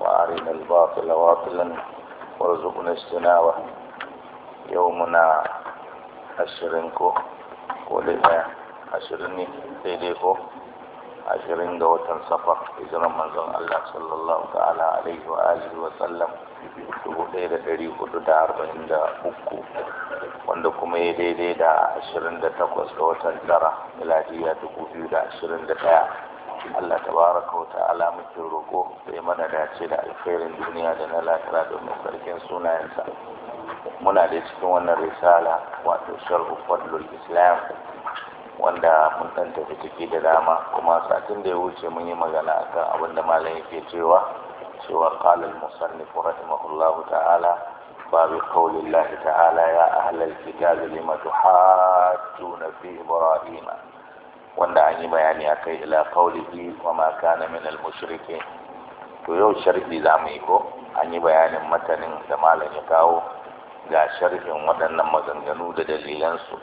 وأرنا الباطل باطلا وارزقنا اجتنابه يومنا عشرينكو ولنا عشريني ديديكو عشرين دو سفر إجرى منزل الله صلى الله تعالى عليه وآله وسلم dubu ɗaya da ɗari hudu da arba'in da uku wanda kuma ya daidai da ashirin da takwas ga watan tara miladiya dubu biyu da ashirin da ɗaya Allah tabaraka wa ta'ala muke roko da ya mana dace da alkhairin duniya da na lahira domin sarkin sunayensa muna da cikin wannan risala wato sharhu fadlul islam wanda mun dan tafi ciki da dama kuma satin da ya wuce mun yi magana akan abin da malam yake cewa cewa qala al-musannif rahimahullahu ta'ala باب قول الله تعالى يا أهل الكتاب لم تحاجون في إبراهيم wanda an yi bayani a kai ila qawlihi wa ma kana min al to yau sharhi za mu yi ko an yi bayanin matanin da malam ya kawo ga sharhin waɗannan maganganu da dalilansu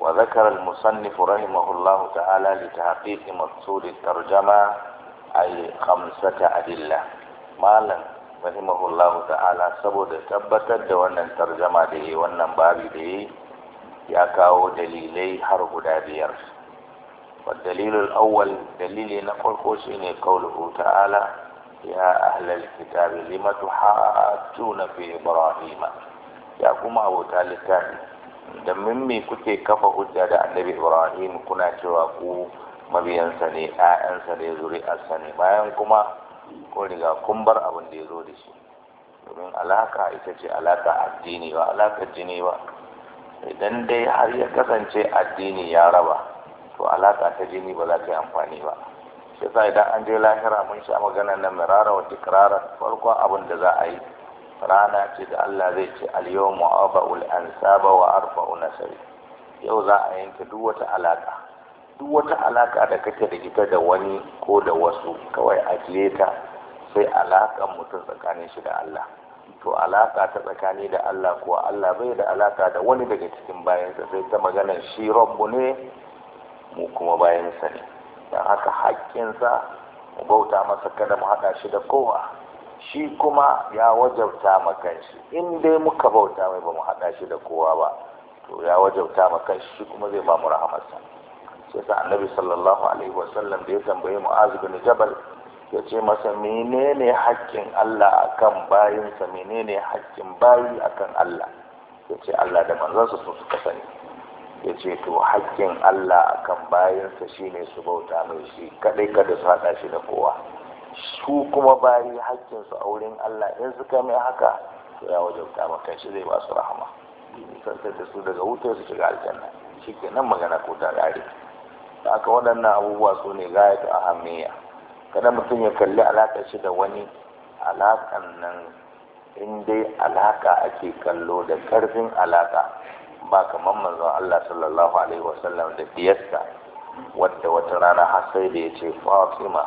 wa zakara al musannif rahimahullahu ta'ala li tahqiq maqsud al tarjama ay khamsata adilla malam rahimahullahu ta'ala saboda tabbatar da wannan tarjama da yi wannan babi da yi ya kawo dalilai har guda biyar والدليل الأول دليل نقول شيني قوله تعالى يا أهل الكتاب لم تحاجون في إبراهيم يا كما أبو تالتان da mimmi kuke kafa hujja da annabi ibrahim kuna cewa ku mabiyansa ne ɗayansa ne zuri'arsa ne bayan kuma kun riga kun bar abin da ya zo da shi domin alaka ita ce alaka addini ba alaka jini ba idan dai har ya kasance addini ya raba to alaka ta jini ba za ta yi amfani ba shi yasa idan an je lahira mun sha magana na mirara wa tikrarar farko abin da za a yi rana ce da Allah zai ce al-yawmu aba'ul ansaba wa arba'u nasari yau za a yanke duk wata alaka duk wata alaka da kake da ita da wani ko da wasu kawai ajiye ta sai alakan mutum tsakanin shi da Allah to alaka ta tsakani da Allah kuwa Allah bai da alaka da wani daga cikin bayansa sai ta maganar shi rabbu ne mu kuma bayan bayansa ne don haka sa mu bauta masa kada mu haɗa shi da kowa shi kuma ya wajabta ma kanshi in dai muka bauta mai ba mu haɗa shi da kowa ba to ya wajabta ma kanshi shi kuma zai ba mu rahamarsa sai sa annabi sallallahu alaihi wasallam da ya tambayi azu bin jabal ya ce masa menene haƙƙin Allah akan bayinsa menene haƙƙin bayi akan Allah ya ce Allah da manzansa su suka sani ya ce to hakkin Allah a akan bayansa ne su bauta mai shi kaɗai kada su haɗa shi da kowa su kuma bari hakkinsu a wurin Allah in suka mai haka to ya wajabta maka shi zai ba su rahama sassan da su daga wutar su shiga aljanna nan magana ko ta ƙare da aka waɗannan abubuwa su ne a gayatu ahammiya kada mutum ya kalli alaƙar shi da wani alaƙan nan in dai alaƙa ake kallo da ƙarfin alaƙa ba kamar manzon Allah sallallahu alaihi wasallam da biyarsa wadda wata rana har sai da ya ce Fatima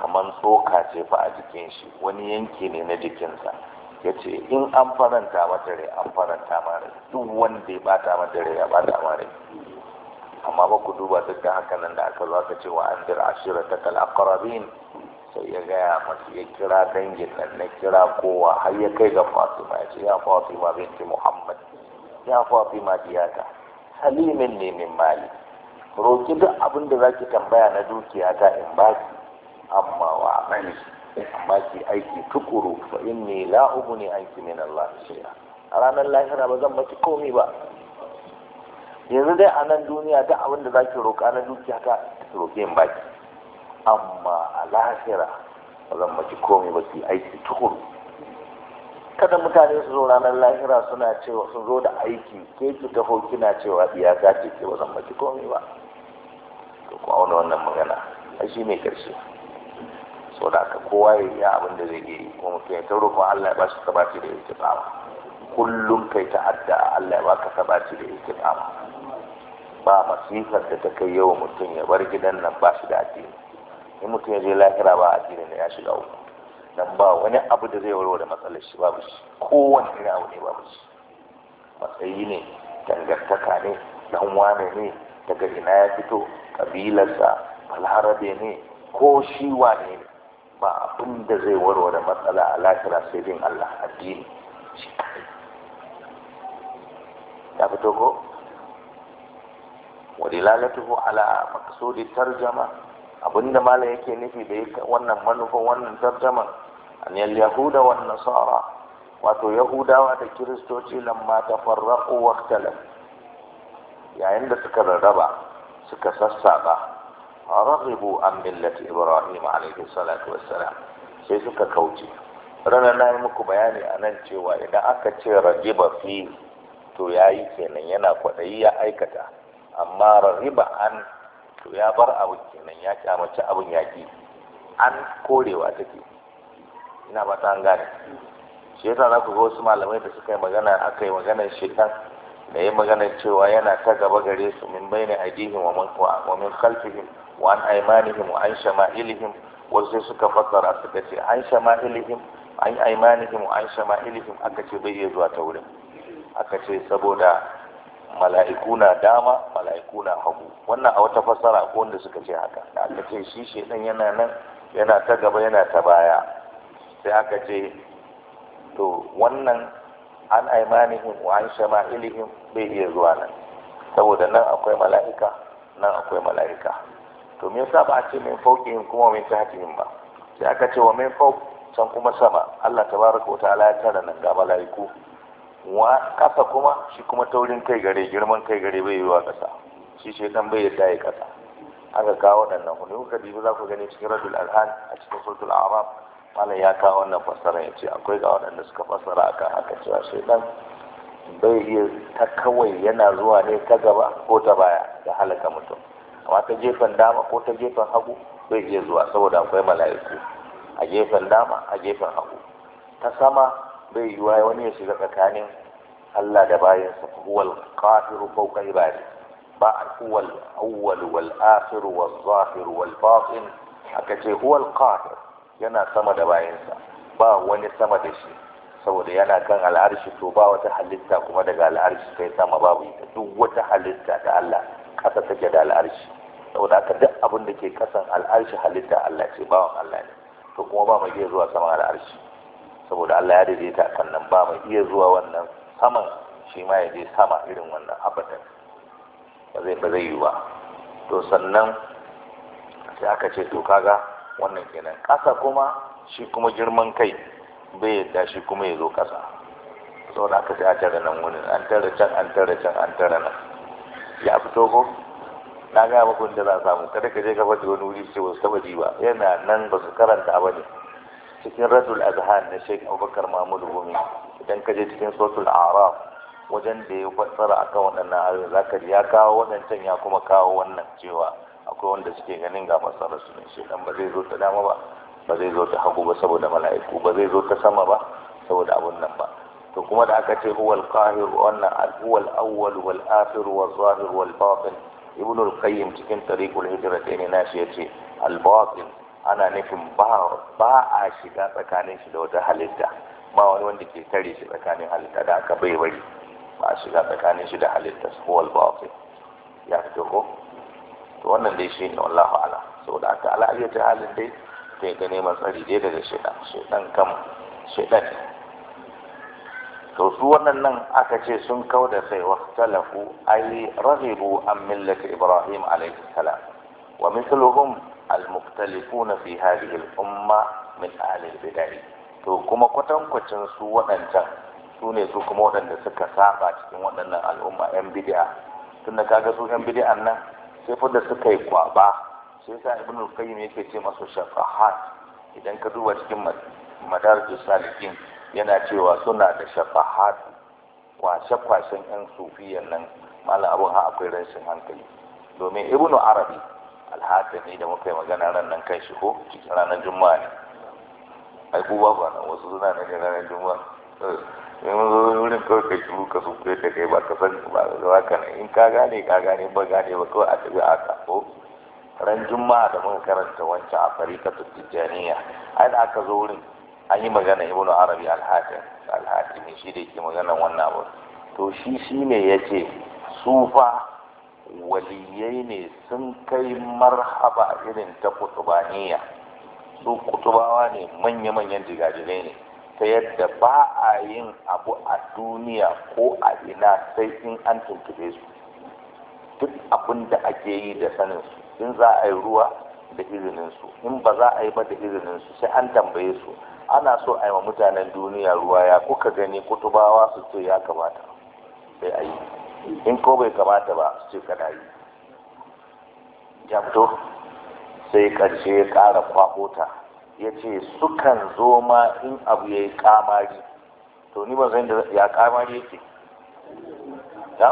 kamar soka ce fa a jikin shi wani yanki ne na jikinsa ya ce in an faranta mata rai an faranta mara duk wanda ya bata mata rai ya bata mara amma ba ku duba duk da haka nan da aka zo aka ce wa an dir ashira ta sai ya gaya masu ya kira dangin nan na kira kowa har ya kai ga fatima ya ce ya fatima binti muhammad ya fatima diyata halimin ne min mali roki duk abin da zaki tambaya na dukiya ta in baki amma wa amali amma ki aiki tukuru fa inni la ubni anki min Allah shay'a a ranar lahira ba zan maki komai ba yanzu dai a nan duniya duk abin da zaki roka na dukiya ta roke in baki amma a lahira ba zan maki komai ba ki aiki tukuru kada mutane su zo ranar lahira suna cewa sun zo da aiki ke ki taho kina cewa biya za ke wasan maki komai ba to kuma wani wannan magana a shi mai karshe so da aka kowa ya yi abin da zai yi kuma mutum ya ta Allah ya ba shi sabati da istiqama kullum kai ta adda Allah ya ba ka sabati da istiqama ba masifar da ta kai yau mutum ya bar gidan nan ba shi da addini in mutum ya je lahira ba addini ne ya shiga uku Nan ba wani abu da zai warware matsalar shi babu shi kowane irin abu ne babu shi matsayi ne dangantaka ne dan wane ne daga ina ya fito kabilarsa balharabe ne ko shi wane ne ba abin da zai warware matsala a lafiya sai bin Allah addini shi ya fito ko Wani lalatuhu ala maqsudi tarjama abinda malam yake nufi da wannan manufan wannan tarjaman an yahuda wan nasara wato yahudawa da kiristoci lamma tafarraqu waqtalan yayin da suka rarraba suka sassaba raghibu an millati ibrahim alaihi salatu wassalam sai suka kauce ranar na yi muku bayani a nan cewa idan aka ce ragiba fi to ya yi kenan yana kwaɗayi ya aikata amma ragiba an to ya bar abu kenan ya kyamaci abin yaƙi an korewa take ina ba ta gane shi yasa za ku ga wasu malamai da suka yi magana aka yi maganar shekan da yi maganar cewa yana ta gaba gare su min bayna ajihin wa min kalfihin, wa an aimanihin wa an shama'ilihim wasu sai suka fassara suka ce an shama'ilihim an aimanihin wa an shama'ilihim aka ce bai iya zuwa ta wurin aka ce saboda mala'iku na dama mala'iku na hagu wannan a wata fassara ko wanda suka ce haka da aka ce shi shedan yana nan yana ta gaba yana ta baya sai aka ce to wannan an aimanihim wa an shama'ilihim bai iya zuwa nan saboda nan akwai mala'ika nan akwai mala'ika to me yasa ba a ce min fawqihim kuma min tahtihim ba sai aka ce wa min fawq can kuma sama Allah tabaraka wa ta'ala ya tara nan ga mala'iku wa kasa kuma shi kuma taurin kai gare girman kai gare bai yiwuwa kasa shi dan bai yadda ya kasa aka kawo waɗannan hudu kuka dibi za ku gani cikin rajul alhan a cikin suratul arab malam ya kawo wannan fasara ya ce akwai ga waɗanda suka fassara akan haka cewa shaidan bai iya ta kawai yana zuwa ne ta gaba ko ta baya da halaka mutum amma ta gefen dama ko ta gefen hagu bai iya zuwa saboda akwai mala'iku a gefen dama a gefen hagu ta sama bai yiwa wani ya shiga tsakanin Allah da bayan bayansa huwal qahiru fawqa ibadi ba huwal awwal wal akhir wal zahir wal batin aka ce huwal qahir yana sama da bayansa ba wani sama da shi saboda yana kan al'arshi to ba wata halitta kuma daga al'arshi sai sama babu ita duk wata halitta da Allah kasa take da al'arshi saboda haka duk abin da ke kasan al'arshi halitta Allah ce bawan Allah ne to kuma ba mai iya zuwa sama al'arshi saboda Allah ya daidaita a kan nan ba mai iya zuwa wannan saman shi ma ya je sama irin wannan abadan ba zai ba zai yi ba to sannan sai aka ce to kaga wannan kenan ƙasa kuma shi kuma girman kai bai yadda shi kuma ya zo ƙasa sau da aka sai a tara nan wani an tara can an tara can an tara nan ya fito ko na gaya maku da za a samu kada ka je ka fata wani wuri ce wasu taba ji yana nan ba su karanta ba ne cikin radul azhar na sheik abubakar mahmud gumi idan ka je cikin sotul araf wajen da ya fassara akan waɗannan ayoyi za ka ya kawo waɗancan ya kuma kawo wannan cewa akwai wanda suke ganin ga masarar su ne shedan ba zai zo ta dama ba ba zai zo ta hagu ba saboda mala'iku ba zai zo ta sama ba saboda abun nan ba to kuma da aka ce huwal qahir wannan huwal awwal wal akhir wal zahir wal batin ibn al qayyim cikin tariqul hijratain nashi yace al batin ana nufin ba a shiga tsakanin shi da wata halitta ba wani wanda ke tare shi tsakanin halitta da aka bai bari ba a shiga tsakanin shi da halitta huwal batin ya fito ko to wannan dai shine wallahu ala saboda aka ala ayyata halin dai sai ga neman tsari dai daga shaidan to su wannan nan aka ce sun kauda da sai talafu ay raghibu an millati ibrahim alayhi salam wa mithluhum al-mukhtalifun fi hadhihi al-umma min ahli al to kuma kwatankwacin su waɗancan su ne su kuma waɗanda suka saba cikin waɗannan al'umma yan bidi'a. tunda kaga su yan bid'an nan sai fa da suka yi kwaba sai sa ibn al-qayyim yake ce masu shafahat idan ka duba cikin madarijus salikin yana cewa suna da shafahat kwashe kwashen yan sufiyan nan malam abun ha akwai rashin hankali domin ibn arabi alhatami da muka yi magana ran nan kan shi ko cikin ranar juma'a ne ai ku ba wasu suna ne ranar juma'a eh. yanzu mun zo wurin kawai ka shiru ka sun da kai ba ka sani ba da haka nan in ka gane ka gane ba gane ba kawai a tabi a ka ko ran juma'a da muka karanta wancan a farikatu tijjaniya ai da aka zo wurin an yi magana ibnu arabi al-hatim al shi da ke magana wannan abu to shi ne ce, su sufa waliyai ne sun kai marhaba irin ta kutubaniya su kutubawa ne manya-manyan jigajirai ne ta yadda ba a yin abu a duniya ko a ina sai in an tuntube su duk abin da ake yi da sanin su in za a yi ruwa da izinin su in ba za a yi ba da izinin su sai an tambaye su ana so a yi wa mutanen duniya ruwa ya kuka gani kutubawa su ce ya kamata sai a yi in ko bai kamata ba su ce kada yi sai ƙarshe ya ƙara kwakota ya ce sukan zo ma in abu ya yi kamari to ni ba zai da ya kamari yake ya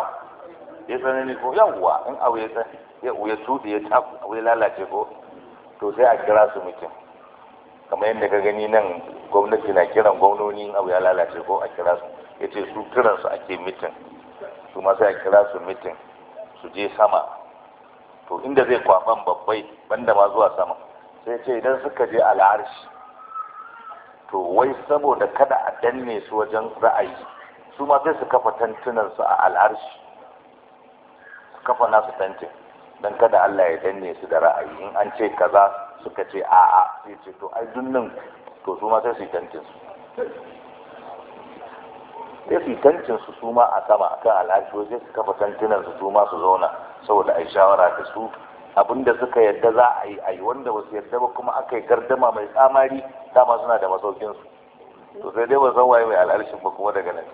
ya ne ko yawwa in abu ya tsanani ya tuɗe ya tafi abu ya lalace ko to sai a kira su mutum kamar yadda ka gani nan gwamnati na kiran gwamnoni abu ya lalace ko a kira su ya ce su kiran su ake mitin su ma sai a kira su mitin su je sama to inda zai kwaban babbai banda ma zuwa sama sai ce idan suka je al'arshi to wai saboda kada a danne su wajen ra'ayi su ma sai su kafa su a al'arshi su kafa nasu tantin don kada Allah ya danne su da ra'ayi in an ce kaza suka ce a'a sai ce to ai dunnin to su ma sai su yi tantin su sai su yi tantin su su ma a sama akan al'arshi wajen su kafa tantunan su su ma su zauna saboda ai shawara da su abinda suka yadda za a yi a yi wanda su yadda ba kuma aka yi gardama mai tsamari dama suna da masaukinsu to sai dai ba san waye mai al'arshin ba kuma daga nan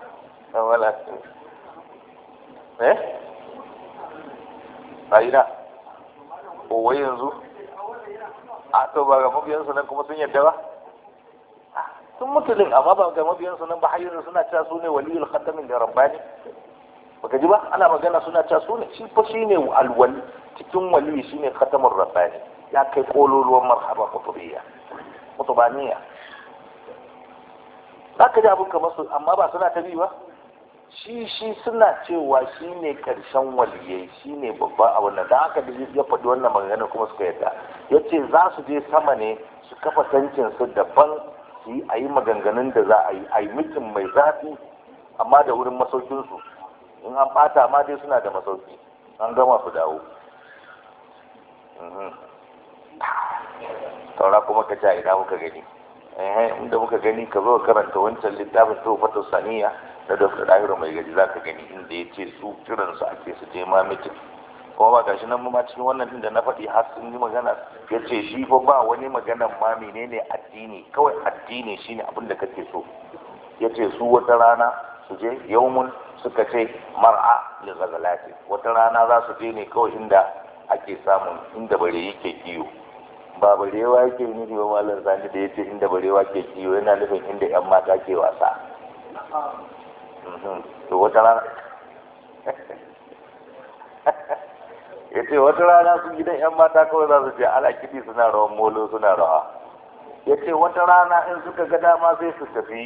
san wala eh ayi na, o wai yanzu a to ba ga mabiyansu nan kuma sun yadda ba sun mutu amma ba ga mabiyansu nan ba har yanzu suna cewa su ne waliyul khatamin da rabbani baka ji ba ana magana suna cewa su ne shi fa shi ne alwali cikin shi shine katamar rabbani ya kai kololuwar marhaba kutubiyya kutubaniya ka ji abin kamar su amma ba suna ta bi ba shi shi suna cewa shi ne karshen waliyai shi ne babba a wannan da haka da ya faɗi wannan magana kuma suka yadda ya ce za su je sama ne su kafa tancinsu daban su yi a yi maganganun da za a yi a yi mutum mai zafi amma da wurin masaukinsu in an ɓata amma dai suna da masauki an gama su dawo taura kuma ka ja ina muka gani inda muka gani ka zo karanta wancan littafin to fata saniya na dr dahiru mai gaji za ka gani inda ya ce su kiran su ake su je ma kuma ba gashi nan ma cikin wannan din da na faɗi har sun yi magana ya ce shi fa ba wani maganan ma menene addini kawai addini shine abin da kake so ya ce su wata rana su je yau mun suka ce mar'a li ghazalati wata rana za su je ne kawai inda ake samun inda bare yake kiyo ba barewa yake ne ba malam sani da yace inda barewa ke kiyo yana nufin inda yan mata ke wasa mhm. to wata rana ya ce wata rana su gidan yan mata kawai za su je ala kiɗi suna rawa molo suna rawa ya ce wata rana in suka ga dama sai su tafi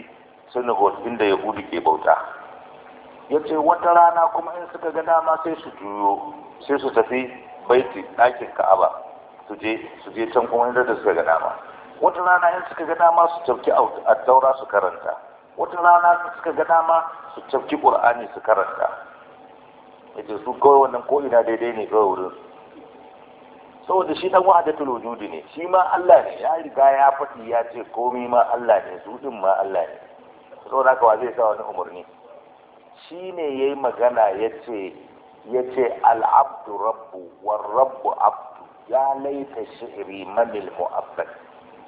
synagogue inda yahudu ke bauta ya ce wata rana kuma in suka ga dama sai su juyo sai su tafi baiti ɗakin ka'aba su je su je can kuma inda da suka ga dama wata rana in suka ga dama su tafki a su karanta wata rana in suka ga dama su tafki qur'ani su karanta yace su kawai wannan ko ina daidai ne kawai wurin saboda shi dan wahdatul wujudi ne shi ma Allah ne ya riga ya faɗi ya ce komai ma Allah ne su din ma Allah ne saboda ka wa zai sa wani umarni shi ne yayi magana yace ya ce al'abdu rabbu war rabbu abdu ya laita iri manil mu'abbad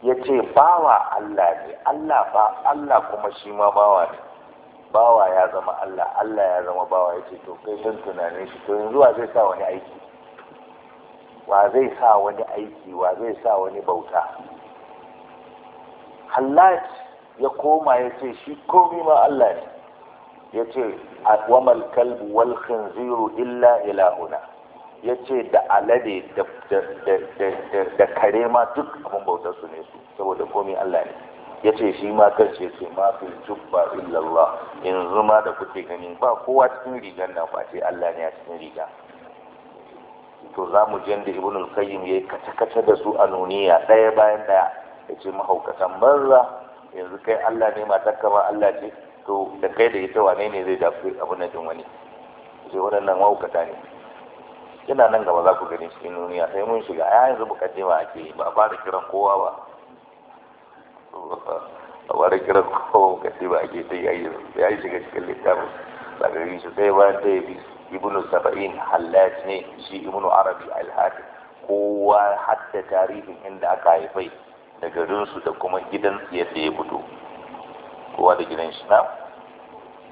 ya ce bawa Allah ne Allah ba Allah kuma shi ma bawa ne bawa ya zama Allah Allah ya zama bawa ya ce to kai don tunanin shi to yanzu wa zai sa wani aiki wa zai sa wani aiki wa zai sa wani bauta Hallaj ya koma ya ce shi komi ma Allah ne yace wamal kalbu wal khinziru illa Ya yace da alade da kare ma duk abin bautar su ne su saboda komai Allah ne ce shi ma kan ce ma fi jubba illallah, yanzu ma da kuke gani ba kowa cikin rigar nan ba ce Allah ne a cikin riga to za mu je da ibn al-qayyim yayi kace-kace da su a nuniya ɗaya bayan ɗaya yace mahaukatan banza yanzu kai Allah ne matakka ba Allah ce to da kai da ita wane ne zai dafi abin da wani sai waɗannan mahaukata ne yana nan gaba za ku gani cikin duniya sai mun shiga a yanzu buka je ma ake ba ba da kiran kowa ba ba da kiran kowa buka ce ba ake sai ya yi shiga cikin littafin tsakarin shi sai bayan da ya bi ibnu saba'in hallat ne shi ibnu arabi alhaji, kowa hatta tarihin inda aka haifai da garinsu da kuma gidan yadda ya fito kowa da gidan shi na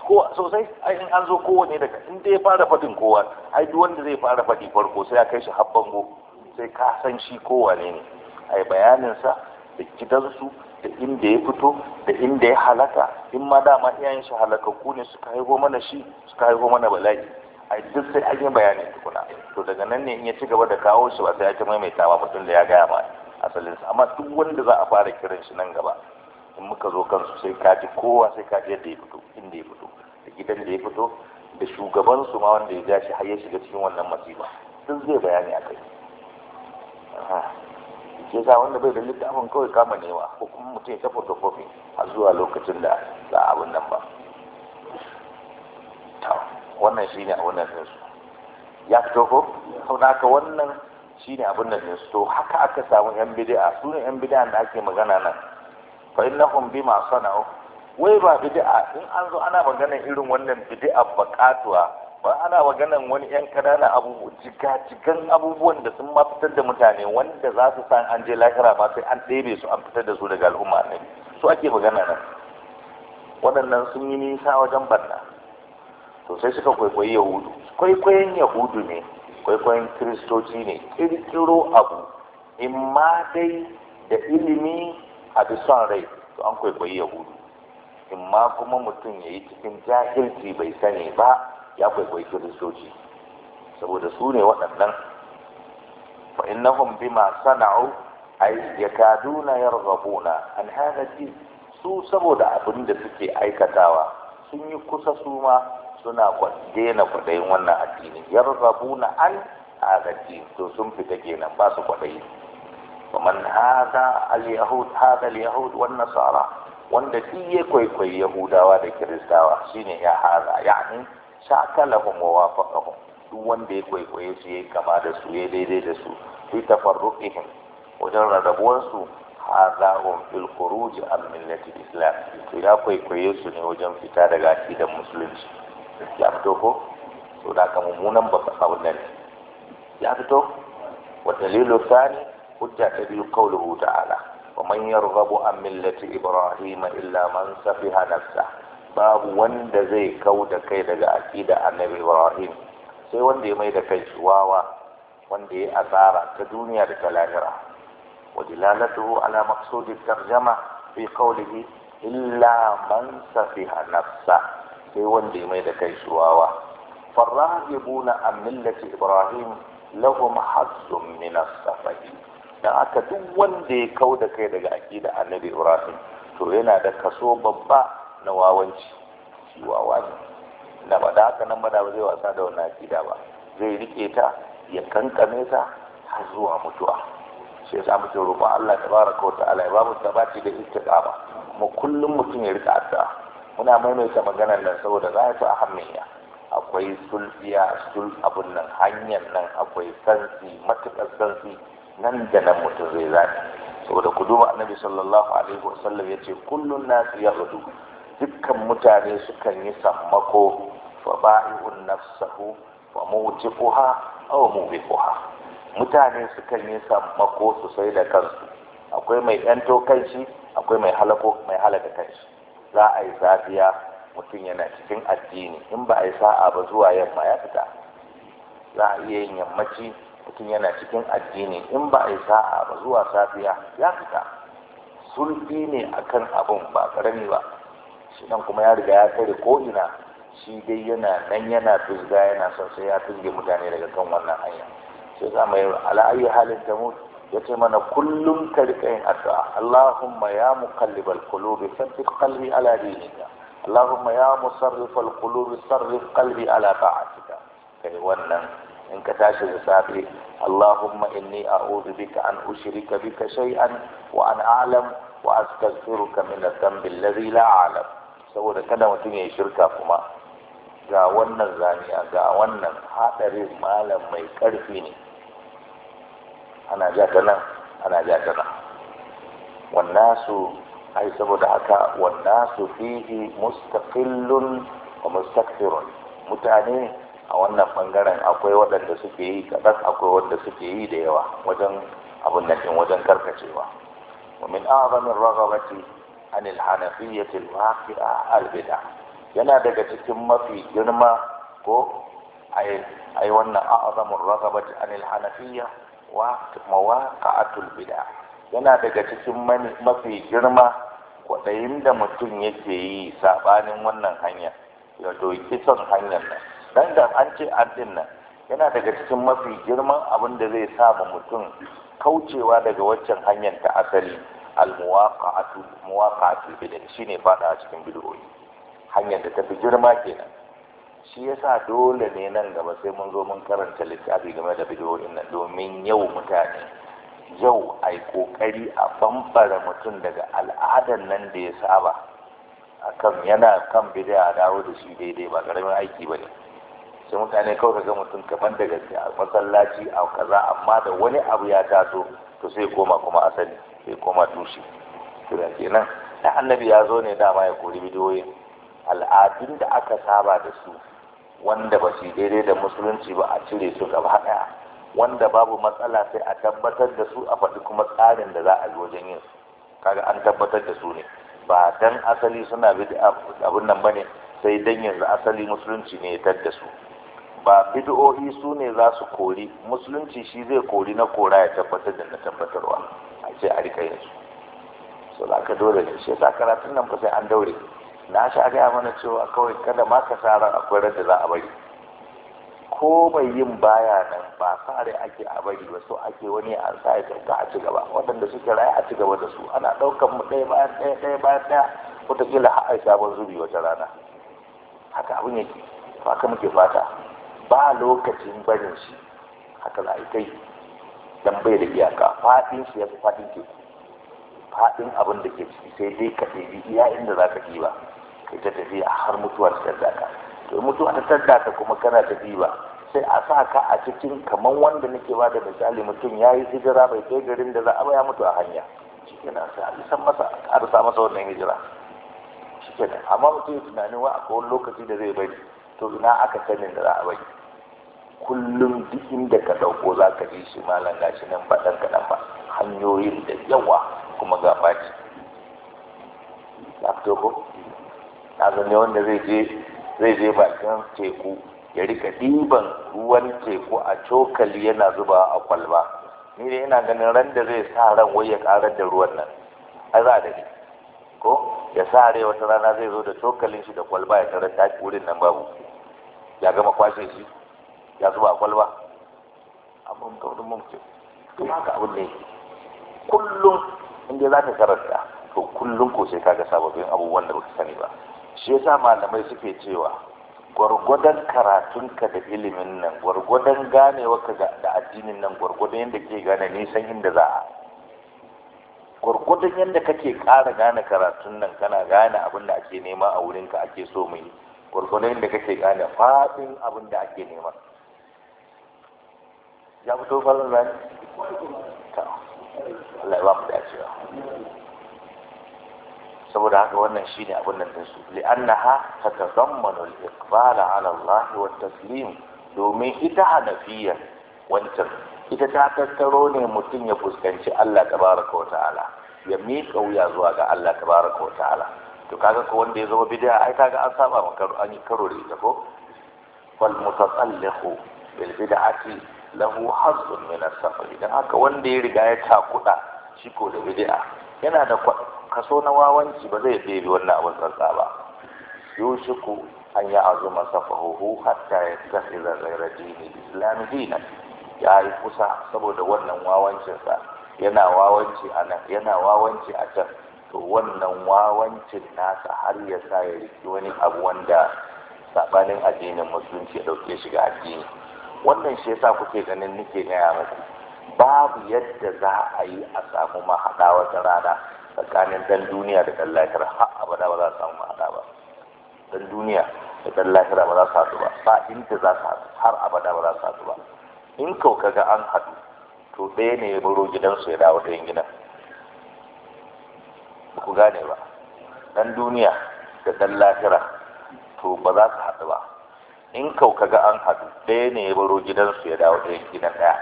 kowa sosai ai an zo kowane daga in dai fara fadin kowa ai duk wanda zai fara fadi farko sai ya kai shi har sai ka san shi kowa ne ai bayaninsa da gidansu da inda ya fito da inda ya halaka in ma dama iyayen shi ku ne suka haihu mana shi suka haihu mana bala'i a duk sai an bayanin tukuna to daga nan ne in ya ci gaba da kawo shi ba sai ya ci maimaita ba mutum da ya gaya ma asalinsa amma duk wanda za a fara kiran shi nan gaba in muka zo kansu sai ka ji kowa sai ka ji yadda ya fito inda ya fito da gidan da ya fito da shugaban su ma wanda ya ja shi har ya shiga cikin wannan masifa duk zai bayani a kai ke sa wanda bai da littafin kawai kama newa ko kuma mutum ya ta photocopy har zuwa lokacin da za a abin nan ba wannan shi ne a wannan sun ya fito ko sauna ka wannan shi ne abin nan sun to haka aka samu yan bid'a su ne yan bid'a da ake magana nan fa innahum bima sana'u wai ba bid'a in an zo ana maganan irin wannan bid'a bakatuwa ba ana magana wani yan kanana abubu jigan abubuwan da sun ma fitar da mutane wanda za su san an je lahira ba sai an ɗebe su an fitar da su daga al'umma ne su ake magana nan waɗannan sun yi nisa wajen banna to sai suka kwaikwayi yahudu kwaikwayon yahudu ne kwaikwayon kiristoci ne kirkiro abu in ma dai da ilimi a son rai to an kwaikwayi yahudu in ma kuma mutum ya yi cikin jahilci bai sani ba ya kwaikwayi kiristoci saboda su ne waɗannan fa innahum bima sana'u ay yakaduna yarghabuna an hada su saboda abin da suke aikatawa sun yi kusa su ma suna daina kwaɗayin wannan addini yarghabuna an hada to sun fita kenan ba su kwaɗayi ومن هذا اليهود Yahud, اليهود nasara, wanda iya ya kwaikwayi yahudawa da kiristawa shine ya haza yani shakalahum wa wafaqahum duk wanda ya kwaikwaye su yayi kama da su yayi daidai da su fi tafarruqihim wajen rarrabuwar su haza hum fil khuruj an millati islam to ya kwaikwaye su ne wajen fita daga aqidar musulunci ya fito ko so da ka munan ba abun nan ya fito wa dalilu thani hujja ta biyu qauluhu ta'ala wa man yarghabu an millati Ibrahim illa man safiha nafsa babu wanda zai kauda kai daga aqida annabi ibrahim sai wanda ya mai da kai wawa wanda ya asara ta duniya da ta lahira wa dilalatuhu ala maqsudit tarjama fi qawlihi illa man safiha nafsa sai wanda ya mai da kai wawa فالراغبون عن ملة إبراهيم لهم حظ من السفه dan aka duk wanda ya kau da kai daga aqida annabi ibrahim to yana da kaso babba na wawanci shi wawa ne na ba da haka nan ba zai wasa da wannan aqida ba zai rike ta ya kankame ta har zuwa mutuwa sai ya samu roƙon Allah tabaraka wa ta'ala ya ba mu tabati da istiqama mu kullum mutum ya rika addu'a muna maimaita maganar nan saboda za ta ahammiya akwai sulfiya sul abun nan hanyar nan akwai sansi matukar sansi nan da nan mutum zai zaɓi saboda ku duba annabi sallallahu alaihi wasallam ya ce kullun nasu ya gudu dukkan mutane sukan yi sammako fa ba'i'un nafsahu fa mutiquha aw mubiquha mutane sukan yi sammako su sai da kansu akwai mai yanto kanshi akwai mai halako mai halaka kanshi za a yi safiya mutum yana cikin addini in ba a yi sa'a ba zuwa yamma ya fita za a iya yin yammaci mutum yana cikin addini in ba a yi sa'a ba zuwa safiya ya fita sulfi ne akan abun ba karami ba shi nan kuma ya riga ya tsare ko ina shi dai yana nan yana fizga yana son sai ya fizge mutane daga kan wannan hanya sai za mu yi ala'ayi halin ta mu ya ce mana kullum ka rika yin addu'a Allahumma ya muqallibal qulubi thabbit qalbi ala dinika Allahumma ya musarrifal qulubi sarrif qalbi ala ta'atika kai wannan in ka tashi da safe Allahumma inni a'udhu bika an ushrika bika shay'an wa an a'lam wa astaghfiruka min adh-dhanbi alladhi la a'lam saboda kada mutum ya shirka kuma ga wannan zaniya ga wannan hadarin malam mai karfi ne ana ja ta nan ana ja ta nan wannasu ai saboda haka wannasu fihi mustaqillun wa mustakthirun mutane a wannan bangaren akwai waɗanda suke yi kaɗan akwai wanda suke yi da yawa wajen abin da wajen karkacewa ومن أعظم الرغبة عن الحنفية al البدع yana daga cikin mafi girma ko ai wannan a'azamun ragabat anil hanafiya wa mawaqa'atul bid'a yana daga cikin mafi girma kwaɗayin da mutum yake yi saɓanin wannan hanya ya kisan son hanyar nan dan da an ce addin nan yana daga cikin mafi girman abin da zai sa mutum kaucewa daga waccan hanyar ta asali almuwaqa'atu muwaqa'atu bid'ah shine fada a cikin bidiyoyi hanyar da tafi girma kenan shi yasa dole ne nan gaba sai mun zo mun karanta littafi game da bidiyoyin nan domin yau mutane yau ai kokari a bambara mutum daga al'adar nan da ya saba akan yana kan bid'a dawo da shi daidai ba garamin aiki bane sai mutane kawai ga mutum kaman da gaske a masallaci a kaza amma da wani abu ya taso to sai koma kuma asali sai koma tushe to da kenan da annabi ya zo ne dama ya kori bidiyoyin al'adun da aka saba da su wanda ba su daidai da musulunci ba a cire su gaba daya wanda babu matsala sai a tabbatar da su a faɗi kuma tsarin da za a yi wajen yin su kaga an tabbatar da su ne ba dan asali suna bi abin nan bane sai dan yanzu asali musulunci ne ya tadda su ba bid'o'i su ne za su kori musulunci shi zai kori na kora ya tabbatar da na tabbatarwa a ce a rika yin su so da aka dole ne shi yasa karatun nan fa sai an daure na sha gaya mana cewa kawai kada ma ka sara akwai da za a bari ko bai yin baya nan ba sare ake a bari ba so ake wani a sa ya tauka a ci gaba waɗanda suke raya a cigaba da su ana ɗaukan mu ɗaya bayan ɗaya ɗaya bayan ɗaya wataƙila har a sabon zubi wata rana haka abin yake ba ka muke fata ba lokacin barin shi haka za a kai dan bai da iyaka faɗin shi ya fi faɗin ke faɗin abin da ke ciki sai dai ka ɗebi iya inda za ka ka kai ta tafiya har mutuwar ta to mutuwa ta taddaka kuma kana ta ba sai a sa ka a cikin kamar wanda nake ba da misali mutum ya yi hijira bai kai garin da za a baya mutu a hanya shi kenan sai a isan masa a ƙarasa masa wannan hijira shi kenan amma mutum ya tunanin wa akwai kowane lokaci da zai bari to ina aka sanin da za a bari kullum duk inda ka dauko za ka ji shi malam gashi nan ba ɗan kaɗan hanyoyin da yawa kuma ga faci ya ko na ne wanda zai je zai je bakin teku ya rika ɗiban ruwan teku a cokali yana zuba a kwalba ni dai ina ganin ran da zai sa ran wai ya karar da ruwan nan a za da ni ko ya sa rai wata rana zai zo da cokalin shi da kwalba ya tarar ta wurin nan babu ya gama kwashe shi ya zuba a kwalba abin taurin mumkin to haka abin ne kullum inda za ka karanta to kullum ko sai kaga sababbin abubuwan da baka sani ba shi yasa malamai suke cewa gwargwadon karatunka da ilimin nan gwargwadon ganewarka da addinin nan gwargwadon yadda ke gane nisan inda za a gwargwadon yadda kake ƙara gane karatun nan kana gane abin da ake nema a wurinka ake so mu yi gwargwadon yadda kake gane faɗin abin da ake nema ya fito falon ta saboda haka wannan shine abin nan da su li'annaha ta al-iqbal ala Allah wa taslim domin ita hanafiya wancan ita ta tattaro ne mutum ya fuskanci Allah tabaraka wa ta'ala ya miƙa wuya zuwa ga Allah tabaraka wa ta'ala to kaga ko wanda ya zama bid'a ai kaga an saba maka an yi karo da ita ko wal mutasallihu bil bid'ati lahu hazzun min as-safari dan haka wanda ya riga ya takuda shi ko da bid'a yana da kaso na wawanci ba zai ɗebe wannan abin tsatsa ba yushiku an ya azuma safahu hatta ya takhidha ghayra dini islam dinan ya yi kusa saboda wannan wawancinsa yana wawanci a yana wawanci a can to wannan wawancin nasa har ya sa ya riki wani abu wanda sabanin addinin musulunci ya dauke shi ga addini wannan shi yasa kuke ganin nike gaya maka babu yadda za a yi a samu mahaɗa wata rana tsakanin dan duniya da dan lahira har abada ba za a samu mahaɗa ba dan duniya da dan lahira ba za su haɗu ba ba inda za su haɗu har abada ba za su haɗu ba in kau kaga an haɗu to ɗaya ne ya baro gidansu ya dawo ɗayan gidan ba ku gane ba dan duniya da dan lahira to ba za su haɗu ba in kau kaga an haɗu ɗaya ne ya baro gidansu ya dawo ɗayan gidan ɗaya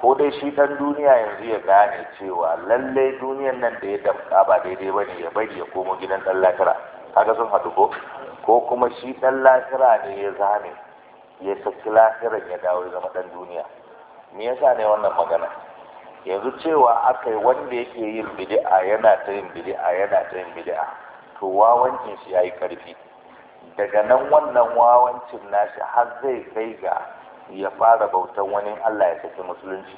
ko dai shi ɗan duniya yanzu ya gane cewa lalle duniyan nan da ya damka ba daidai ba ne ya bari ya komo gidan ɗan lafira kaga sun haɗu ko ko kuma shi ɗan lafira ne ya zame ya saki lafiran ya dawo ya zama ɗan duniya me yasa ne wannan magana yanzu cewa aka yi wanda yake yin bidi'a yana ta yin bidi'a yana ta yin bidi'a to wawancin shi ya yi ƙarfi daga nan wannan wawancin nashi har zai kai ga ya fara bautan wani Allah ya saki musulunci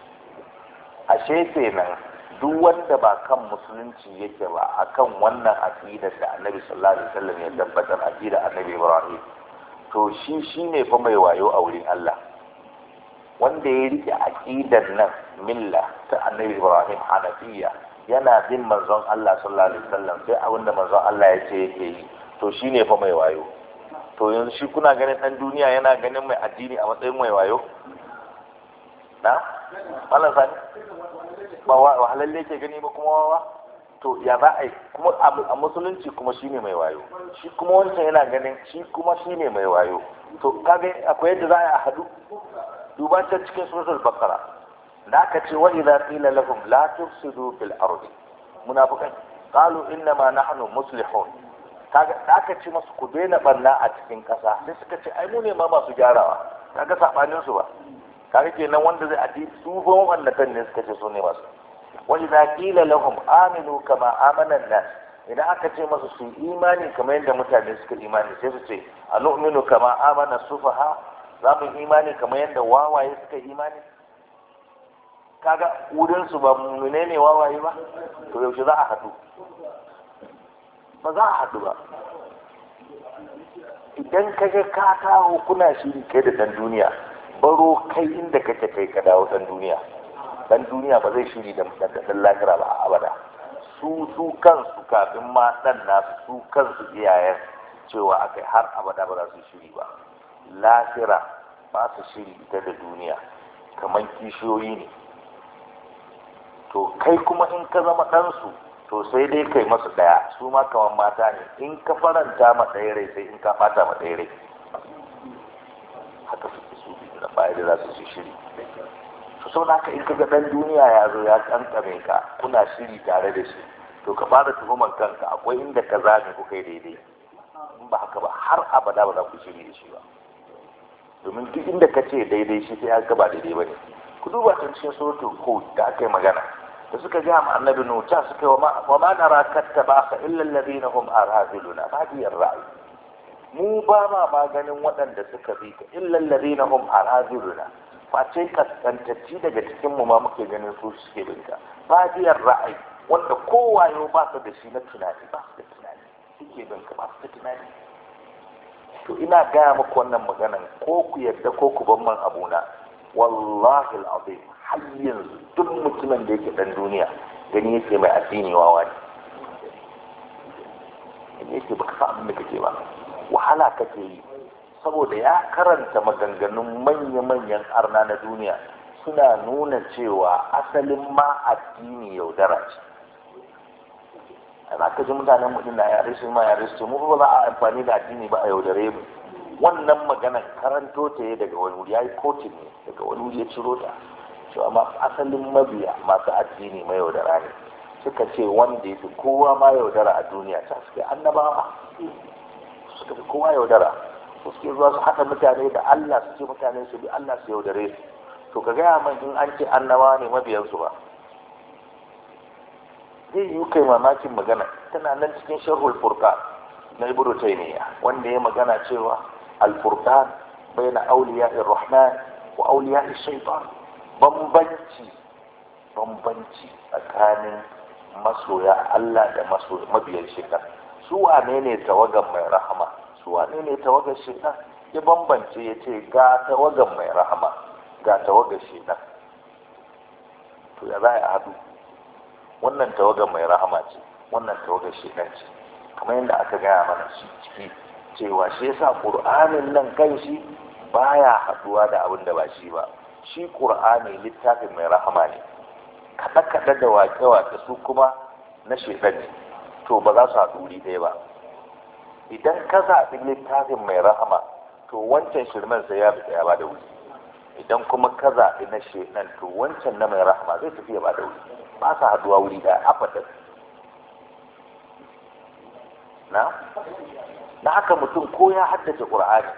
ashe nan duk wanda ba kan musulunci yake ba akan wannan aqidar da Annabi sallallahu alaihi wasallam ya tabbatar aqidar Annabi Ibrahim to shi shine fa mai wayo a wurin Allah wanda ya rike aqidar nan milla ta Annabi Ibrahim Hanafiya yana bin manzon Allah sallallahu alaihi wasallam sai abinda manzon Allah ya ce yake yi to shine fa mai wayo to yanzu shi kuna ganin ɗan duniya yana ganin mai addini a matsayin mai wayo na wannan sani ba wahalalle ke gani ba kuma wawa to ya za a yi kuma a musulunci kuma shi ne mai wayo shi kuma wancan yana ganin shi kuma shi ne mai wayo to kaga akwai yadda za a yi hadu duba ta cikin suratul bakara da aka ce wa idza qila lahum la tufsidu fil ardi munafiqan qalu inna ma nahnu muslihun kaga da aka ce masu ku daina barna a cikin ƙasa sai suka ce ai mu ne ma masu gyarawa kaga sabanin su ba kaga kenan wanda zai adi su ba wannan ne suka ce su ne masu Wani na ƙila lahum aminu kama Amanan an-nas idan aka ce masu su imani kamar yadda mutane suka imani sai su ce nu'minu kama amana sufaha za mu imani kamar yadda wawaye suka imani kaga wurin su ba mu ne wawaye ba to yaushe za a haɗu ba za a haɗu ba idan ka ga ka kawo kuna shiri kai da ɗan duniya baro kai inda kake kai ka dawo ɗan duniya ɗan duniya ba zai shiri da ɗan lafira ba a abada su su kansu kafin ma ɗan nasu su kansu iyayen cewa akai har abada ba za su shiri ba lafira ba su shiri ita da duniya kamar kishiyoyi ne to kai kuma in ka zama ɗansu to sai dai kai masu daya su ma kamar mata ne in ka faranta ma ɗaya rai sai in ka fata ma ɗaya rai haka suke su biyu na baya da za su shiri to sau naka in ka ga ɗan duniya ya zo ya kankame ka kuna shiri tare da shi to ka fara tuhumar kanka akwai inda ka zame kuka yi daidai in ba haka ba har abada ba za ku shiri da shi ba domin duk inda ka ce daidai shi sai ya ba daidai ba ne ku duba can cikin surutun ko da aka yi magana da suka ji ma annabi nuta suka yi wa ma nara katta ba ka illa alladhina hum arhadiluna ba diyar ra'ayi mu ba ma maganin waɗanda suka bi ka illa alladhina hum arhadiluna face kaskantacci daga cikin mu ma muke ganin su suke bin ka ba diyar ra'ayi wanda kowayo ba su da shi na tunani ba su da tunani suke bin ka ba su da tunani to ina gaya muku wannan maganan ko ku yarda ko ku ban man abuna wallahi al'azim har yanzu duk mutumin da yake dan duniya gani yake mai addini wawa ne yake baka sa abin da kake ba wahala kake yi saboda ya karanta maganganun manya-manyan arna na duniya suna nuna cewa asalin ma addini yaudara ce ana kaji mutanen mutum na yare su ma yare su mu ba za a amfani da addini ba a yaudare mu wannan magana karanto ta yi daga wani wuri ya yi kotun ne daga wani wuri ya ciro ta su amma asalin mabiya masu addini mai da ne suka ce wanda ya fi kowa ma yaudara a duniya ta suke annabawa suka fi kowa yaudara su suke zuwa su haɗa mutane da Allah su ce mutane su bi Allah su yaudare su to ka gaya min in an ce annabawa ne mabiyansu ba zai yi kai mamakin magana tana nan cikin shahul furka na ibnu taymiya wanda ya magana cewa الفرقان بين أولياء الرحمن وأولياء الشيطان بمبنتي بمبنتي أكان مسويا الله ده مسويا مبيا الشيطان سوى نيني توقع من رحمة سوى نيني توقع الشيطان ya bambance ya ce ga tawagan mai rahama ga tawagar shedan to ya za a haɗu wannan tawagar mai rahama ce wannan tawagar shedan ce kamar yadda aka gaya mana shi ciki cewa shi yasa ƙur'anin nan kanshi baya haduwa da abin da ba shi ba shi ƙur'ani littafin mai rahama ne kada kada da wake wake su kuma na shekar ne to ba za su haɗu wuri ɗaya ba idan ka zaɓi littafin mai rahama to wancan shirman sai ya fita ya ba da wuri idan kuma ka zaɓi na shekar to wancan na mai rahama zai tafi ya ba da wuri ba sa haɗuwa wuri ɗaya abadan na na haka mutum ko ya haddace ƙur'ani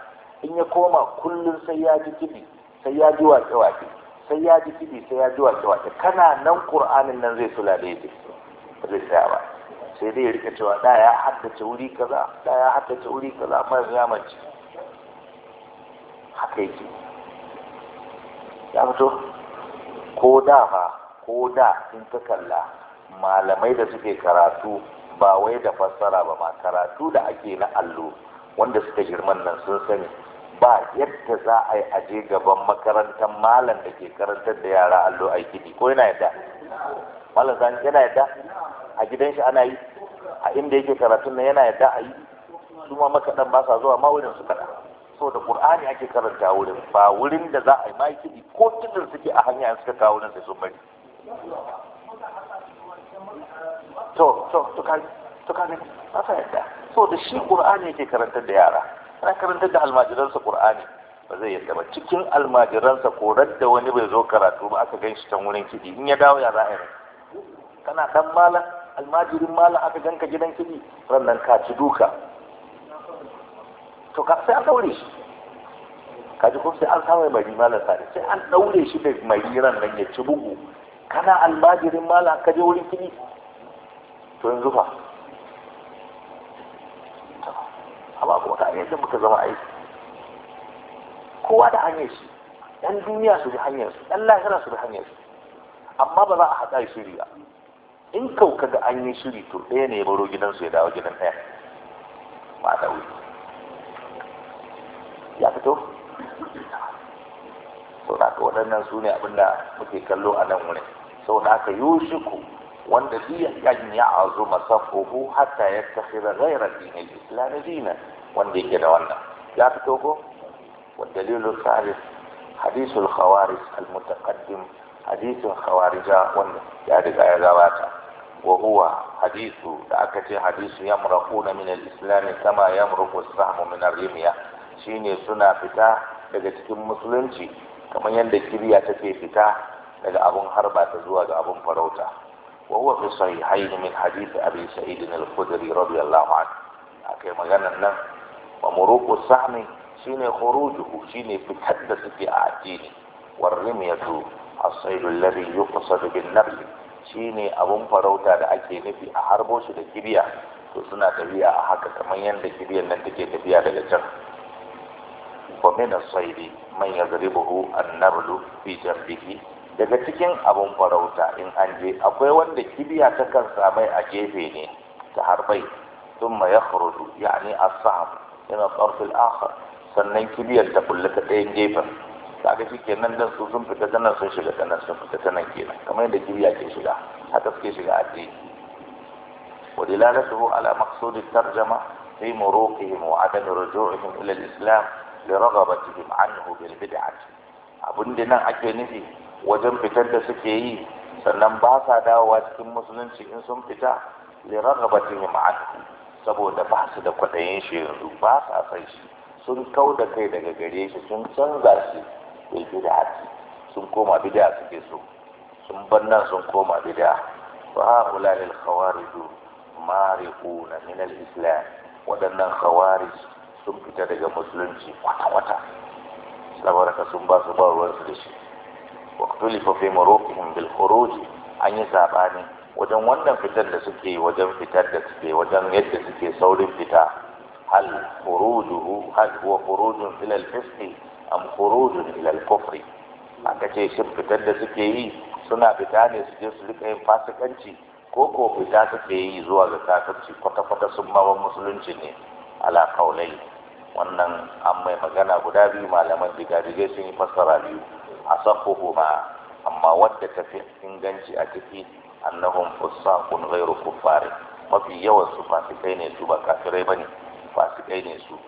in ya koma kullum sai ya ji kiɗi sai ya ji wake-wake sai ya ji kiɗi sai ya ji wake-wake kana nan ƙur'anin nan zai da yake zai tsaya ba sai dai ya rika cewa da ya haddace wuri kaza da ya haddace wuri kaza amma yanzu ya mance haka yake ya fito ko da fa ko da in ka kalla malamai da suke karatu ba wai da fassara ba ma karatu da ake na allo wanda suka girman nan sun sani ba yadda za a yi aje gaban makarantar malam da ke karantar da yara allo a kiɗi ko yana yadda malam zan yana yadda a gidan shi ana yi a inda yake karatun nan yana yadda a yi su ma makaɗan ba sa zuwa ma wurin su kaɗa so da ƙur'ani ake karanta wurin ba wurin da za a yi ma kiɗi ko kiɗin suke a hanya suka kawo nan sai sun bari to to to kai to kai ba sa yadda so da shi qur'ani yake karantar da yara ana karantar da almajiransa qur'ani ba zai yadda ba cikin almajiransa ko da wani bai zo karatu ba aka ganshi shi can wurin kidi, in ya dawo ya za a yi kana dan malam almajirin malam aka ganka gidan kidi? rannan ka ci duka to ka sai an daure shi kaji kuma sai an samu mai malam sare sai an daure shi da mai nan ya ci bugu kana almajirin malam ka je wurin kidi? to yanzu fa amma kuma ka yadda muka zama aiki kowa da hanyar shi ɗan duniya su bi hanyar su ɗan lahira su bi hanyar su amma ba za a haɗa shiri ba in kau kaga an yi shiri to ɗaya ne ya baro gidansu ya dawo gidan ɗaya ba da wuri ya fito sau da haka waɗannan su ne abinda muke kallo a nan wurin sau da shi ku. wanda biyan kan ya azu masafuhu hatta ya takhira ghayra dinil islam dinan wanda yake da wannan ya fito ko والدليل الثالث حديث الخوارج المتقدم حديث خوارج وان يارد آيات وهو حديث أكتي حديث يمرقون من الإسلام كما يمرق السهم من الرمية shine سنة فتاة daga cikin musulunci kamar yadda kiriya take fita daga abun harba ta zuwa ga abun farauta Kowanne sai a hanyar hadiza a Abin Sa'idu na lafudari rabuwar lamuwa da aka yi maganar nan. Wamuruƙusar ni shine horo juhu, shine fitar da tafi a addini. Warrimiyatu, a saidu Labin Yuba sabbin naɓdi, shine abun farauta da ake nufi a harbansu da kiriya. To suna tafiya a haka kamar yadda kiriya nan ta ke tafiya daga can. Ba me na sai ne manyan ribihu a Nabilu bitar biki? daga cikin abin farauta in an je akwai wanda kibiya ta kan samai a gefe ne ta harbai sun ma ya kharudu yani asahab yana tsarfil akhar sannan kibiyar ta kulli ta ɗayan gefen kaga shi kenan dan su sun fita ta nan sun shiga nan sun fita ta sanan kenan kamar yadda kibiya ke shiga haka suke shiga addini wa dilalatuhu ala maqsudit tarjama fi muruqihim wa adam ruju'ihim ila al-islam li raghabatihim anhu bil bid'ah abunda nan ake nufi wajen fitar da suke yi sannan ba sa dawowa cikin musulunci in sun fita lirarrabatihim anhu saboda ba su da kwaɗayin shi yanzu ba sa san shi sun kau da kai daga gare shi sun canza shi bai bid'a sun koma bid'a suke so sun bar nan sun koma bid'a fa haula lil su mariquna na al islam waɗannan khawarij sun fita daga musulunci kwata kwata saboda ka sun ba su ba ruwansu da shi واختلفوا في مروقهم an yi يسابعني wajen wannan fitar da suke wajen fitar da suke wajen yadda suke saurin fita hal khurujuhu hal huwa khurujun ila al-fisq am khurujun ila al-kufr aka shin fitar da suke yi suna fita ne su je su rika yin fasikanci ko ko fita suke yi zuwa ga kafirci kwata kwata sun ma musulunci ne ala kaulai wannan an mai magana guda biyu malaman diga-digai, sun yi fassara biyu asafuhuma amma wadda ta fi inganci a ciki annahum fusaqun ghairu kuffar mafi yawan su fasikai ne su ba kafirai bane fasikai ne su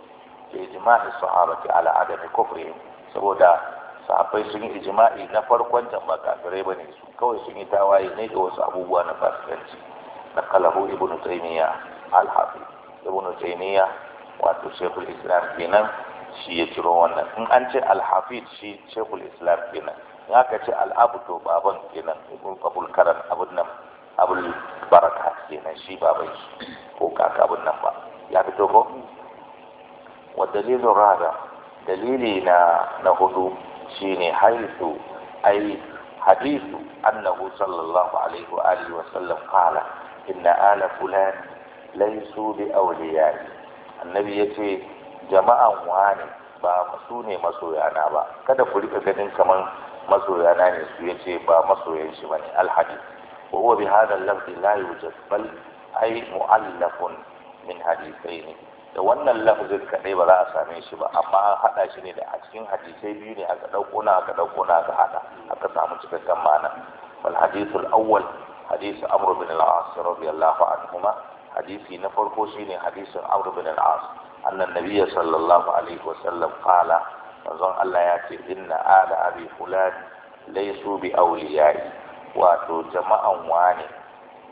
ke ijma'i sahabati ala adami kufri saboda sahabbai sun yi ijma'i na farkon can ba kafirai bane su kawai sun yi tawaye ne da wasu abubuwa na fasikanci naqalahu ibnu taymiya al hafi ibnu taymiya wato shaykhul islam kenan shi ya ciro wannan in an ce alhafid shi shekul islam kenan in aka ce al'abu to baban kenan abul karan abun nan abul baraka kenan shi baban shi ko kaka abun nan ba ya fito ko wa dalilin rada dalili na na hudu shine haisu ai hadisu annahu sallallahu alaihi wa alihi wa sallam qala inna ala fulan laysu bi awliya annabi yace jama'an wani ba su ne masoyana ba kada ku rika ganin kamar masoyana ne su yace ba masoyan shi bane alhadith wa huwa bi hada lafzi la yujad bal ay mu'allafun min hadithain da wannan lafzin kadai ba za a same shi ba amma an hada shi ne da a cikin hadisai biyu ne aka dauko na aka dauko na aka hada aka samu cikakken ma'ana wal hadithul awwal hadith amr bin al-as radiyallahu anhuma hadisi na farko shine hadisin amr bin al-as annan nabiyya sallallahu alaihi wasallam qala manzon Allah ya ce inna ala abi fulan laysu bi awliyai wato jama'an wane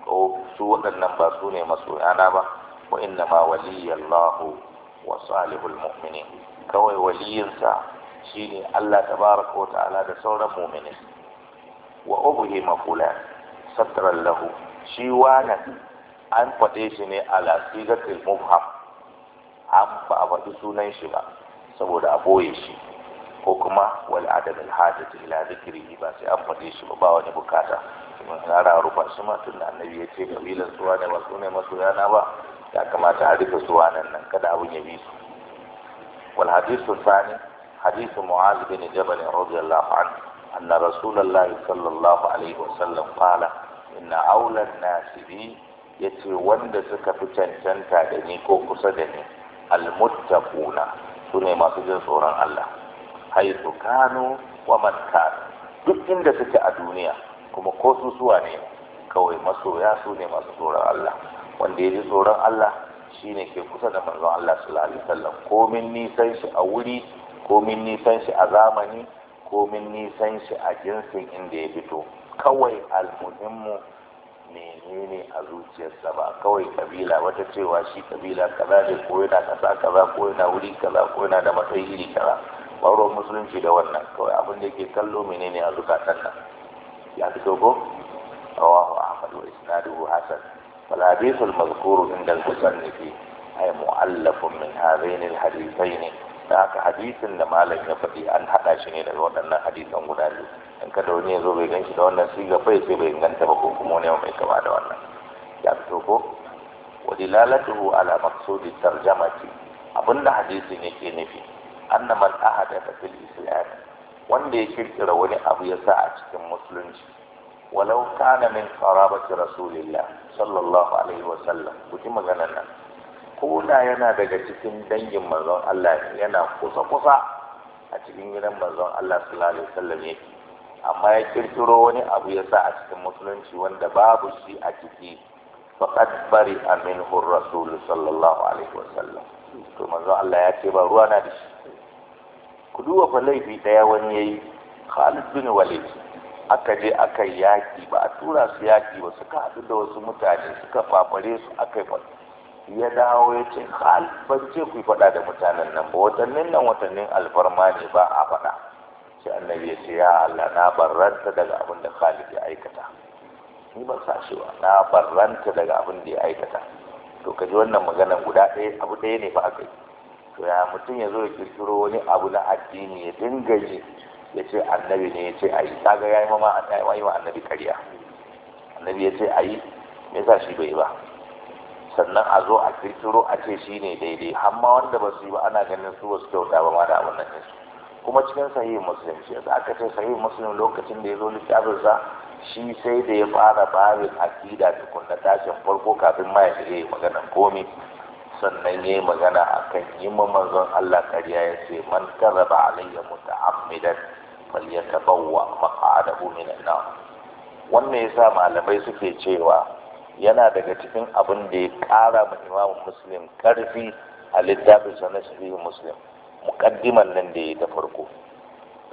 ko su waɗannan ba su ne masoyana ba wa inna ma waliyallahu wa salihul mu'minin kawai waliyinsa shine Allah tabaraka wa ta'ala da sauran mu'minin wa ubhima fulan satran lahu shi wana an faɗe shi ne ala sigatil mubham an ba a faɗi sunan shi ba saboda a boye shi ko kuma wal adam al hajati ila zikrihi ba sai an faɗi shi ba ba wani bukata kuma rara rufa shi ma tunda annabi ya ce kabilan suwa ne ba su ne masoyana ba ya kamata a rufe suwa nan nan kada abun ya bi su wal hadithu sani hadithu mu'adh bin jabal radiyallahu anhu anna rasulullahi sallallahu alaihi wasallam qala inna aula an-nasi yace wanda suka fi cancanta da ni ko kusa da ni almuttaquna sune masu jin tsoron Allah haythu kanu wa duk inda suke a duniya kuma ko su suwa ne kawai masoya su ne masu tsoron Allah wanda ya ji tsoron Allah shine ke kusa da manzon Allah sallallahu alaihi wasallam komin nisan shi a wuri komin nisan shi a zamani komin nisan shi a jinsin inda ya fito kawai al-muhimmu menene a zuciyarsa ba kawai kabila wata cewa shi kabila kaza ne ko yana kasa kaza ko yana wuri kaza ko yana da matsayi iri kaza baro musulunci da wannan kawai abin da yake kallo menene a zukatan nan ya fito ko rawahu ahmad wa isnaduhu hasan wal bisul mazkuru inda al-musannifi ay mu'allafun min hadhain al-hadithain da haka hadisin da malam ya faɗi an haɗa shi ne daga waɗannan hadisan guda biyu in ka da wani ya zo bai ganshi da wannan siga bai sai bai inganta ba ko kuma wani mai kama da wannan ya fito ko wa dilalatuhu ala maqsudi tarjamati abinda hadisin yake nufi anna man ahadatha fil islam wanda ya kirkira wani abu ya sa a cikin musulunci walau kana min qarabati rasulillah sallallahu alaihi wa sallam kuji maganar nan ko yana daga cikin dangin manzon Allah yana kusa-kusa a cikin gidan manzon Allah sallallahu alaihi wasallam yake amma ya kirkiro wani abu ya sa a cikin musulunci wanda babu shi a ciki faqad bari aminhu rasul sallallahu alaihi wasallam to manzon Allah ya ce ba ruwa na da shi ku duwa fa laifi daya wani yayi Khalid bin Walid aka je aka yaki ba a tura su yaki ba suka haɗu da wasu mutane suka fafare su aka yi ya dawo ya ce hal ban ce ku faɗa da mutanen nan ba watannin nan watannin alfarma ne ba a faɗa sai annabi ya ce ya Allah na barranta daga abin da Khalid ya aikata ni ba sa shi ba na barranta daga abin da ya aikata to kaji wannan magana guda ɗaya abu ɗaya ne ba aka yi to ya mutum ya zo ya kirkiro wani abu na addini ya dinga yi ya ce annabi ne ya ce a yi kaga ya yi ma annabi ƙarya annabi ya ce a yi me yasa shi bai ba sannan a zo a kirkiro a ce shi ne daidai amma wanda ba su yi ba ana ganin su wasu kyauta ba ma da abin da su kuma cikin sahihin Musulunci, shi aka ce sahihin musulun lokacin da ya zo littafinsa shi sai da ya fara babin akida tukun na tashin farko kafin ma ya shiga magana komi sannan ya yi magana a kan yi ma manzon Allah kariya ya ce man ba alayya muta'ammidan falyatabawwa bawa min an na?" wannan ya sa malamai suke cewa yana daga cikin abin da ya ƙara ma imamu muslim ƙarfi a littafin sa na sahihu muslim muƙaddiman nan da ya ta farko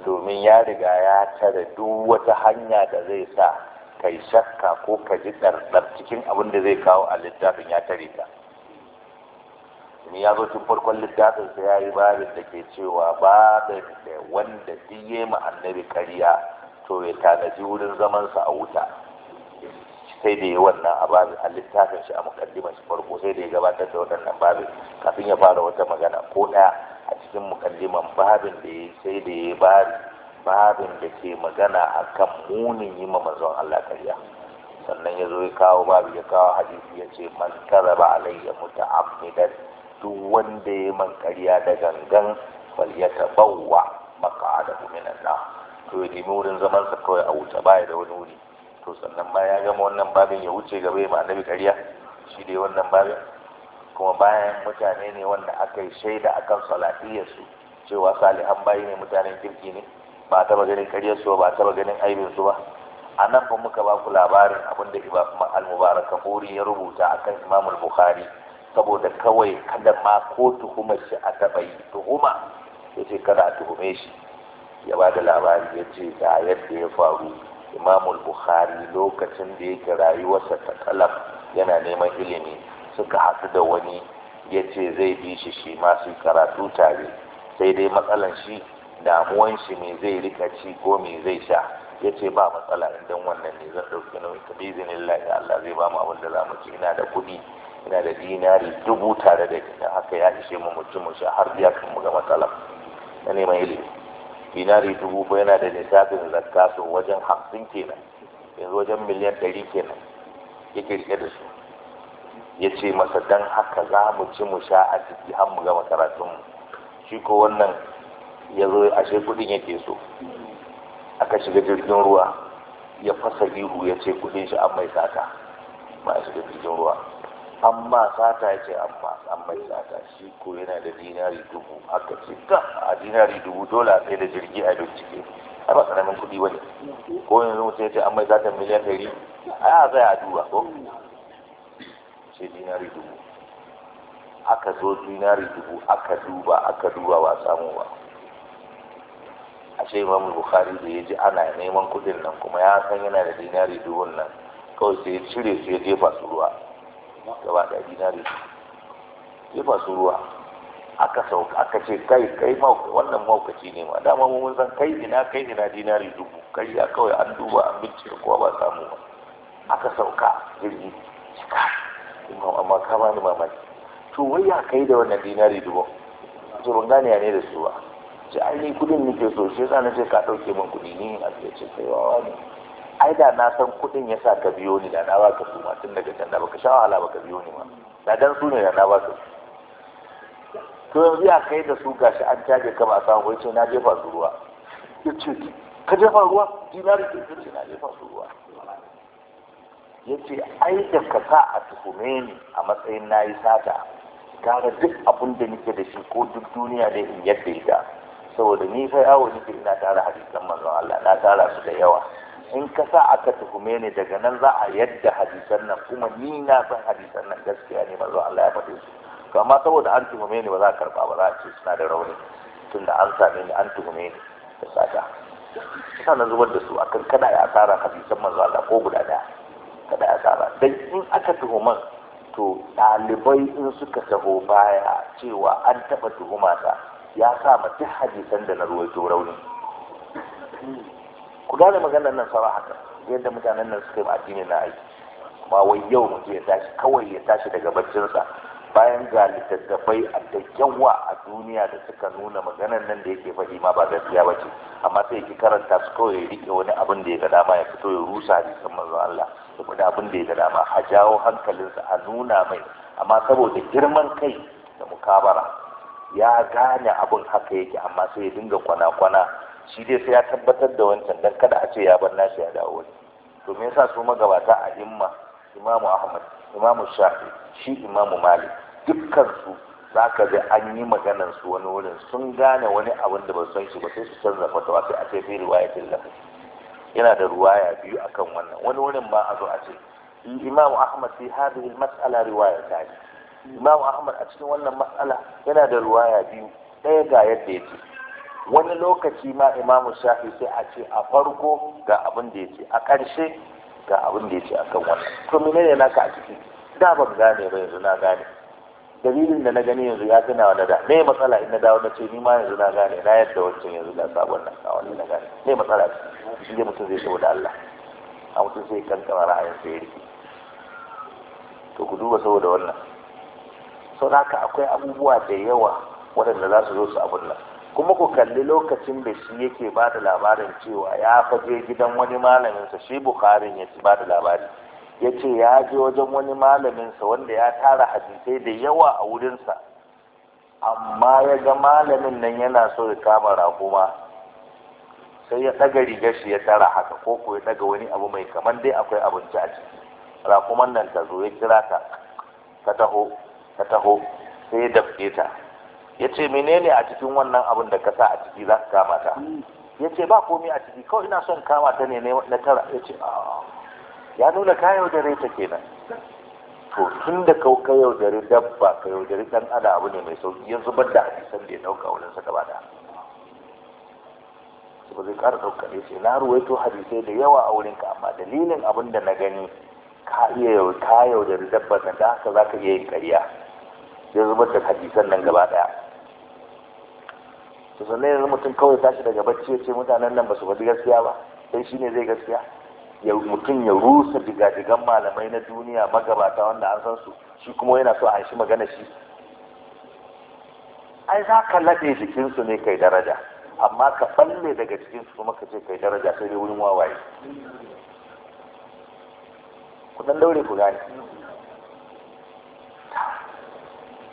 domin ya riga ya tare duk wata hanya da zai sa kai shakka ko ka ji ɗarɗar cikin abin da zai kawo a littafin ya tare ta ya zo tun farkon littafin sa ya yi babin da ke cewa babin da wanda ɗiye ma annabi kariya to ya tanaji wurin zamansa a wuta sai da ya wannan a babin a littafin shi a mukaddimar shi farko sai da ya gabatar da waɗannan babin kafin ya fara wata magana ko ɗaya a cikin mukaddiman babin da ya sai da ya bari babin da ke magana akan munin yi ma manzon Allah karya sannan ya zo ya kawo babu ya kawo hadisi ya ce man karaba alayya Amidan, duk wanda ya man karya da gangan fal maka da minan nar to ya nemi wurin zamansa kawai a wuta baya da wani wuri to sannan ma ya gama wannan babin ya wuce gaba ya annabi ƙarya shi dai wannan babin kuma bayan mutane ne wanda aka yi shaida a kan salafiyarsu cewa salihan bayi ne mutanen kirki ne ba taba ganin ƙaryarsu ba taba ganin aibinsu ba a nan fa muka ba ku labarin abin da al-mubarakafuri ya rubuta akan kan imamul bukhari saboda kawai kada ma ko tuhumar shi a taba yi tuhuma ya ce kada a tuhume shi ya ba da labari ya ce ga yadda ya faru imamul bukhari lokacin da yake rayuwarsa ta kalaf yana neman ilimi suka hadu da wani ya ce zai bi shi shi ma su karatu tare sai dai matsalan shi damuwan shi me zai rika ci ko me zai sha ya ce ba matsala idan wannan ne zan ɗauki nauyi ta bizinin Allah zai ba mu abin da za mu ci ina da kuɗi ina da dinari dubu tare da haka ya ishe mu mutum mu sha har biya kan mu ga matsala na neman ilimi dinari dubu ko yana da lissafin zakka so wajen hamsin kenan yanzu wajen miliyan ɗari kenan yake rike da su ya ce masa don haka za mu ci mu sha a ciki har mu gama karatun shi ko wannan ya zo ashe ya yake so aka shiga jirgin ruwa ya fasa ihu ya ce kuɗin shi an mai sata ba a shiga jirgin ruwa amma sata ce amma amma sata shi ko yana da dinari dubu aka ce ka a dinari dubu dola sai da jirgi a bincike a ba karamin kuɗi ba ne ko yanzu zuwa sai ce amma sata miliyan ɗari a ya zai a duba ko ce dinari dubu aka zo dinari dubu aka duba aka duba ba samu ba a ce imam bukhari da ya ji ana neman kuɗin nan kuma ya san yana da dinari dubu nan kawai sai ya cire sai ya jefa su ruwa gaba da dinari jefa su ruwa aka sauka aka ce kai kai wannan maukaci ne ma dama mun san kai ina kai ina dinari dubu kai ya kawai an duba an bincika kowa ba samu ba aka sauka jirgi imam amma ka ni mamaki to wai ya kai da wannan dinari dubu to ban gane ya ne da su ba ce ai ni kudin nake so shi yasa na ce ka dauke min kudi ni a ce kai wawa ne ai da na san kuɗin ya sa ka biyo ni da na ba ka su ma tun daga can da baka sha wahala ba ka biyo ni ma da dan su ne da na ba ka su to yanzu ya kai da su gashi an caje ka ba a samu ce na jefa su ruwa ya ce ka jefa ruwa dinari ke ce na jefa su ruwa ya ce ai da ka sa a tuhume ni a matsayin na yi sata gara duk abin da nake da shi ko duk duniya da in yadda ita saboda ni fa yawo nake ina tara hadisan manzon Allah na tara su da yawa in ka sa aka tuhume ni daga nan za a yadda hadisan nan kuma ni na san hadisan nan gaskiya ne manzo Allah ya faɗe su to amma saboda an tuhume ni ba za a karba ba za a ce suna da rauni tunda an same ni an tuhume ni da sata sa nan zubar da su akan kada ya asara hadisan manzo Allah ko guda ɗaya, kada ya asara dan in aka tuhuman to ɗalibai in suka taho baya cewa an taɓa tuhuma ta ya sa ma duk hadisan da na ruwaito rauni ku gane maganar nan sarahatan yadda mutanen nan suka yi addini na aiki ba wai yau mutum ya tashi kawai ya tashi daga barcinsa? bayan ga littattafai da yawa a duniya da suka nuna maganar nan da yake faɗi ma ba gaskiya ba ce amma sai ki karanta su kawai ya rike wani abin da ya ga dama ya fito ya rusa hadisan manzon Allah ya faɗi abin da ya ga dama a jawo hankalinsa a nuna mai amma saboda girman kai da mukabara ya gane abin haka yake amma sai ya dinga kwana-kwana shi dai sai ya tabbatar da wancan dan kada a ce ya bar nashi ya dawo wani to me yasa su magabata a imma imamu ahmad imamu shafi shi imamu malik dukkan su za ka ga an yi maganar su wani wurin sun gane wani abin da ba san shi ba sai su canza fatawa sai a ce fi riwayatin lafi yana da ruwaya biyu akan wannan wani wurin ma a zo a ce imamu ahmad fi hadhihi mas'ala riwaya ta imamu ahmad a cikin wannan mas'ala yana da ruwaya biyu ɗaya ga yadda yake wani lokaci ma imamu shafi sai a ce a farko ga abin da ya ce a ƙarshe ga abin da ya ce a kan wannan to ne naka a ciki da ban gane ba yanzu na gane dalilin da na gani yanzu ya gina wani da me matsala in na dawo na ce ni ma yanzu na gane na yadda wancan yanzu na sabon nan a wani na gane me matsala shi ne mutum zai saboda Allah a mutum sai kankan ra'ayin sai ya rike to ku duba saboda wannan sau haka akwai abubuwa da yawa waɗanda za su zo su abun nan kuma ku kalli lokacin da shi yake ba da labarin cewa ya faje gidan wani malaminsa shi bukharin ya ci ba da labari ya ce ya je wajen wani malaminsa wanda ya tara hadisai da yawa a wurinsa amma ya ga malamin nan yana so ya kama raguma sai ya ɗaga rigar shi ya tara haka ko ko ya ɗaga wani abu mai kamar dai akwai abinci a ciki rakuman nan ta zo ya kira ta ka taho ka taho sai ya dafke ta ya ce menene a cikin wannan abin da ka sa a ciki za ka kama ta mm. ya ce ba komi a ciki kawai ina son kama ta ne na tara ya ce ya nuna ka yaudare ta kenan to tun da kau ka yaudare dabba ka yaudare dan ana abu ne mai sauki ya zubar da hadisan da ya dauka wurin sa gaba da ba zai kara dauka ne ce na ruwaito hadisai da yawa a wurinka amma dalilin abin da na gani ka iya ka yaudare dabba da haka za ka iya yin kariya. ya zubar da hadisan nan gaba daya to sannan yanzu mutum kawai tashi daga bacci ya ce mutanen nan ba su faɗi gaskiya ba sai shi ne zai gaskiya ya mutum ya rusa digadigan malamai na duniya magabata wanda an san su shi kuma yana so a shi magana shi ai za ka laɗe jikinsu ne kai daraja amma ka falle daga jikinsu kuma ka ce kai daraja sai dai wurin wawaye ku daure ku gane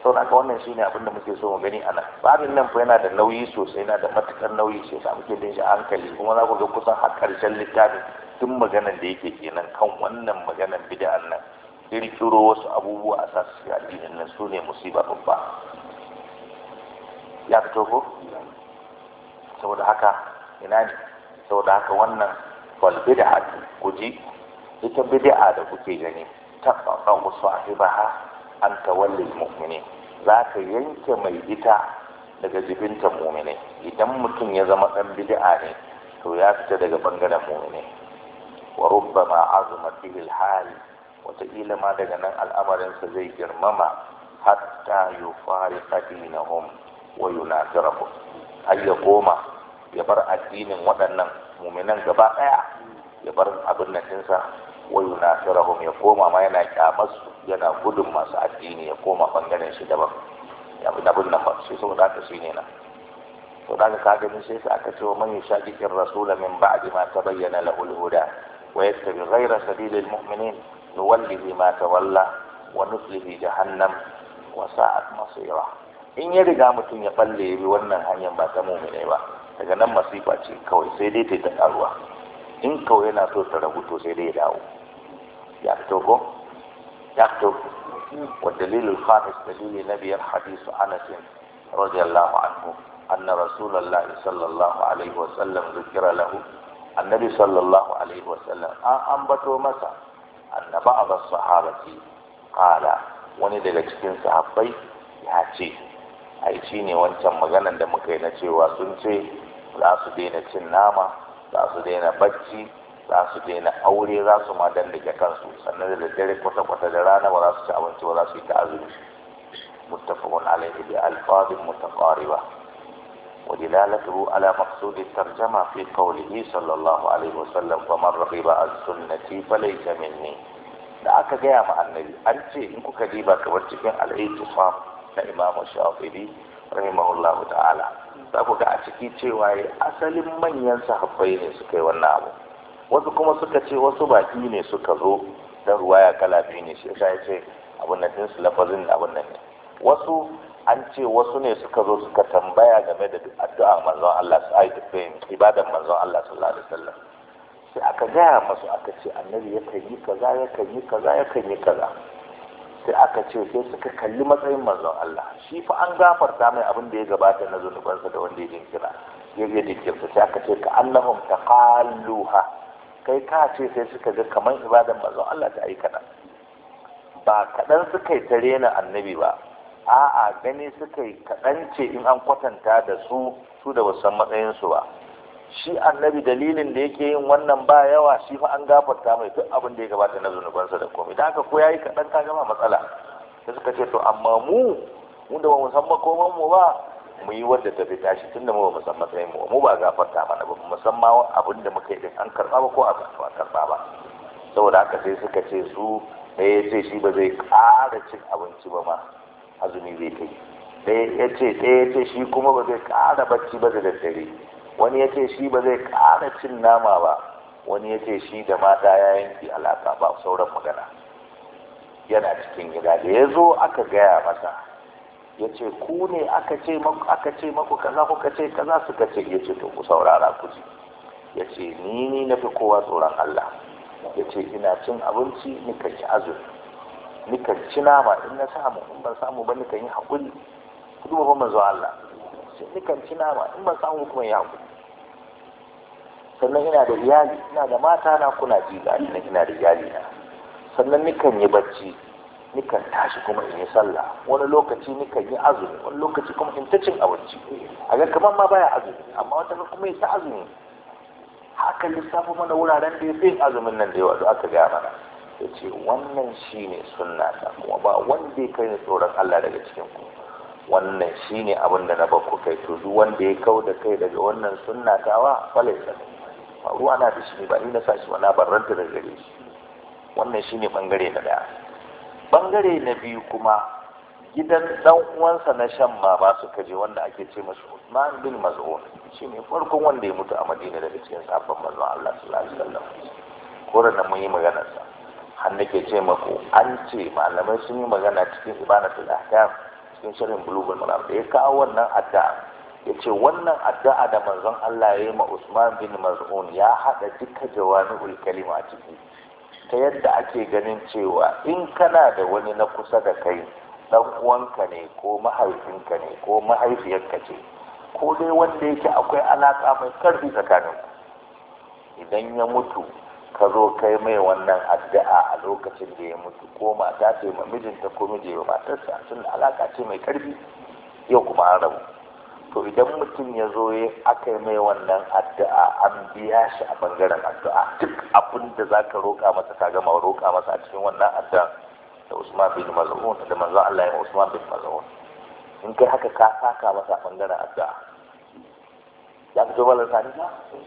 sauna ka wannan shine abin da muke so mu gani a nan babin nan fa yana da nauyi sosai yana da matukar nauyi sai sa muke da shi a hankali kuma za ku ga kusan har karshen littafin tun maganar da yake kenan kan wannan maganar bid'an nan kirkiro wasu abubuwa a sasu su addinin nan su ne musiba babba ya fito ko saboda haka ina ne saboda haka wannan wal bid'a ji ita bid'a da kuke gani tabba ha an wallil mu'mini za ka yanke mai ita daga jibinta mu'mini idan mutum ya zama dan bid'a ne to ya fita daga bangaren mu'mini wa rubbama azuma bihi al-hal wataƙila ma daga nan al'amarinsa zai girmama hatta yufariqa dinahum wa yunasirahum har ya koma ya bar addinin waɗannan mu'minan gaba ɗaya ya bar abin nan Wai wa yunasirahum ya koma ma yana kyamarsu yana gudun masu addini ya koma bangaren shi daban ya bi nabin nan ba sai saboda haka shi ne na to da ka gani sai sai aka ce man yushaqiqir rasula min ba'di ma tabayyana lahu al-huda wa yattabi ghayra al mu'minin nuwallihi ma tawalla wa nuslihi jahannam wa sa'at masira in ya riga mutum ya balle ya bi wannan hanyar ba ta mu'mine ba daga nan masifa ce kawai sai dai ta karuwa in kawai yana so ta rabu to sai dai dawo ya fito ko ya fito wa dalilul khamis dalili nabi al hadith anas radiyallahu anhu anna Rasulallah sallallahu alaihi wa sallam zikira lahu annabi sallallahu alaihi wa sallam an ambato masa anna ba'd as sahabati qala wani daga cikin sahabbai ya ce ai shine wancan maganan da muka yi na cewa sun ce za su daina cin nama za su daina bacci za su daina aure za su ma dandake kansu sannan da dare kwata-kwata da rana ba za su ci abinci ba za su yi ta muttafaqun alayhi bi alfazin mutaqariba wa dilalatuhu ala maqsud at fi qawlihi sallallahu alaihi wasallam wa man raghiba an sunnati falaysa minni da aka gaya ma annabi an ce in kuka diba kamar cikin al-i'tisam na imamu shafi'i rahimahullahu ta'ala za ku ga a ciki cewa ya asalin manyan sahabbai ne suka yi wannan abu wasu kuma suka ce wasu baki ne suka zo ruwa ya kala biyu ne shi ya ce abin nan ɗinsu lafazin abin nan ne wasu an ce wasu ne suka zo suka tambaya game da addu'a manzon Allah su ai ibadan manzon Allah sallallahu alaihi wasallam sai aka gaya masu aka ce annabi ya kan yi kaza ya kan yi kaza ya kan yi kaza sai aka ce sai suka kalli matsayin manzon Allah shi fa an gafarta mai abin da ya gabata na zunubansa da wanda ya jinkira ya je jinkirta sai aka ce ka annahum taqalluha kai ka ce sai suka ga kamar ibadan manzon Allah ta yi ba kaɗan suka yi tare na annabi ba a'a gani suka yi kaɗan ce in an kwatanta da su su da wasan su ba shi annabi dalilin da yake yin wannan ba yawa shi fa an gafarta mai duk abin da ya gabata na zunubansa da komai da haka ko yayi kaɗan ka gama matsala sai suka ce to amma mu mu da ba mu san makoman mu ba mu yi wadda ta fi tashi tunda mu ba mu san matsayin mu mu ba gafarta mana ba mu san ma abin da muka yi din an karɓa ba ko a karɓa ba saboda haka sai suka ce su ɗaya ya ce shi ba zai ƙara cin abinci ba ma azumi zai kai ɗaya ya ce ɗaya ya ce shi kuma ba zai ƙara bacci ba da daddare wani ya ce shi ba zai ƙara cin nama ba wani ya ce shi da mata ya yanki alaka ba sauran magana yana cikin gida da ya zo aka gaya masa ya ce ku ne aka ce maku aka ce maku kaza kuka ce kaza suka ce ya ce to ku saurara ku ji ya ce ni ni na fi kowa tsoron Allah ya ce ina cin abinci kan ci azumi kan ci nama in na samu in ban samu ba ni kan yi haƙuri ku duba manzo Allah nikan ci nama in ban samu kuma ya ku sannan ina da iyali ina da mata na kuna ji ga ina ina da iyali na sannan nikan yi bacci nikan tashi kuma in yi sallah wani lokaci nikan yi azumi wani lokaci kuma in ta cin abinci a ga kamar ma baya azumi amma wata kuma ya ta azumi haka lissafi mana wuraren da ya fi azumin nan da yawa da aka gaya mana ya ce wannan shine suna ta kuma ba wanda ya kai ni tsoron Allah daga cikin kuma wannan shine abin da na bakku kai to duk wanda ya kau da kai daga wannan sunna tawa falaisa ruwa na da shi ba ni na sa shi ba na da gare shi wannan shine bangare na daya bangare na biyu kuma gidan dan uwansa na shan ma ba su kaje wanda ake ce masa Uthman bin Maz'un shine farkon wanda ya mutu a Madina daga cikin sahabban manzo Allah sallallahu alaihi wasallam da mun yi magana sa har nake ce maku an ce malamai sun yi magana cikin ibanatul ahkam cikin sharhin bulugul maram ya kawo wannan addu'a ya ce wannan addu'a da manzon Allah ya yi ma Usman bin Maz'un ya haɗa duka ul kalima ciki ta yadda ake ganin cewa in kana da wani na kusa da kai dan uwanka ne ko mahaifinka ne ko mahaifiyarka ce ko dai wanda yake akwai alaka mai karfi tsakaninku idan ya mutu ka zo kai mai wannan addu'a a lokacin da ya mutu ko mata ce ma mijinta ko miji ya matarsa sun alaka ce mai karfi yau kuma an rabu to idan mutum ya zo ya aka yi mai wannan addu'a an biya shi a bangaren addu'a duk abin da za ka roƙa masa ka gama roƙa masa a cikin wannan addu'a da Usman bin Maz'un da manzon Allah ya Usman bin Maz'un in kai haka ka saka masa a bangaren addu'a ya fito ba lissani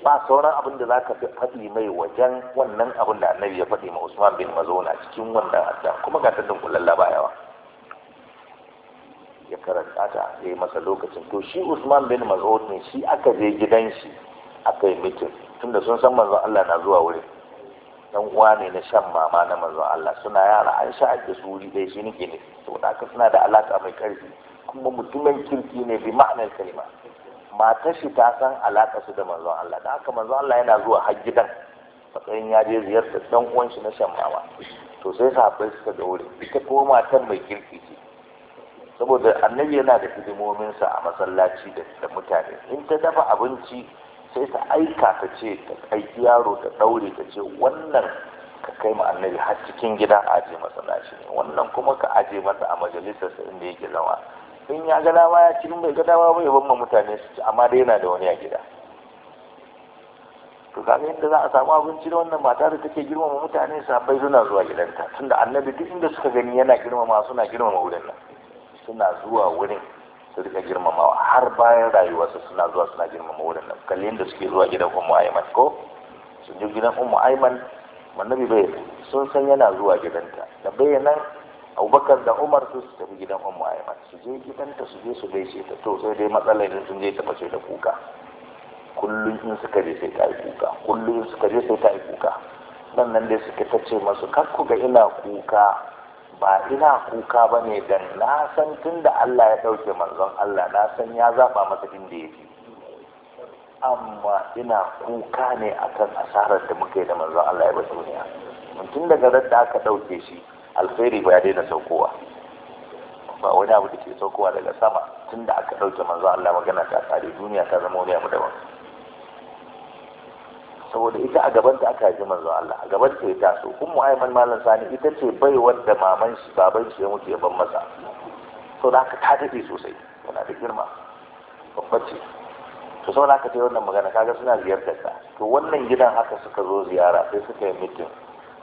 ba sauran abin da zaka faɗi mai wajen wannan abin da annabi ya faɗi ma Usman bin Mazuna cikin wannan hadda kuma ga tadin kullalla ba yawa ya karanta ta ya yi masa lokacin to shi Usman bin Maz'ud ne shi aka je gidan shi aka yi mitin tunda sun san manzon Allah na zuwa wurin dan uwa ne na shan mama na manzon Allah suna yara an sha da su wuri ɗaya shi nake ne saboda haka suna da alaka mai karfi kuma mutumin kirki ne bi ma'anar kalima matar shi ta san alaƙa su da manzon Allah da haka manzon Allah yana zuwa har gidan matsayin ya je ziyartar dan uwan shi na shammawa to sai sahabbai suka ga wuri ita ko matar mai kirki ce saboda annabi yana da hidimominsa a masallaci da mutane in ta dafa abinci sai ta aika ta ce ta aiki yaro ta ɗaure ta ce wannan ka kai ma annabi har cikin gida aje masallaci ne wannan kuma ka aje masa a majalisarsa inda yake zama in ya ga dama ya ci in bai ga dama ba ya bamma mutane su ci amma dai yana da wani a gida to kaga yadda za a samu abinci da wannan mata da take girmama mutane su sabai suna zuwa gidanta tunda annabi duk inda suka gani yana girmama suna girmama wurin nan suna zuwa wurin su rika girmamawa har bayan rayuwarsa suna zuwa suna girmama wurin nan kalli yadda suke zuwa gidan ummu aiman ko sun ji gidan ummu aiman annabi bai sun san yana zuwa gidanta da bayanan abubakar da umar su su tafi gidan ummu aiman su je gidanta su je su gaishe ta to sai dai matsalar da sun je ta fashe da kuka kullum in suka je sai ta yi kuka kullum in suka je sai ta yi kuka nan nan dai suka ta ce masu karku ga ina kuka ba ina kuka ba ne dan na san tun da Allah ya ɗauke manzon Allah na san ya zaɓa masa inda ya fi amma ina kuka ne akan asarar da muka yi da manzon Allah ya ba duniya tun daga da aka ɗauke shi Alferi ba ya daina saukowa ba wani abu da ke saukowa daga sama tun da aka ɗauke manzo Allah magana ta tsare duniya ta zama wani abu daban saboda ita a gaban aka ji manzo Allah a gaban ta ya taso mu ayman malam sani ita ce bai wanda maman shi baban shi ya mutu ya ban masa to da aka ta dade sosai tana da girma babba ce to saboda aka yi wannan magana kaga suna ziyartar ta to wannan gidan haka suka zo ziyara sai suka yi mitin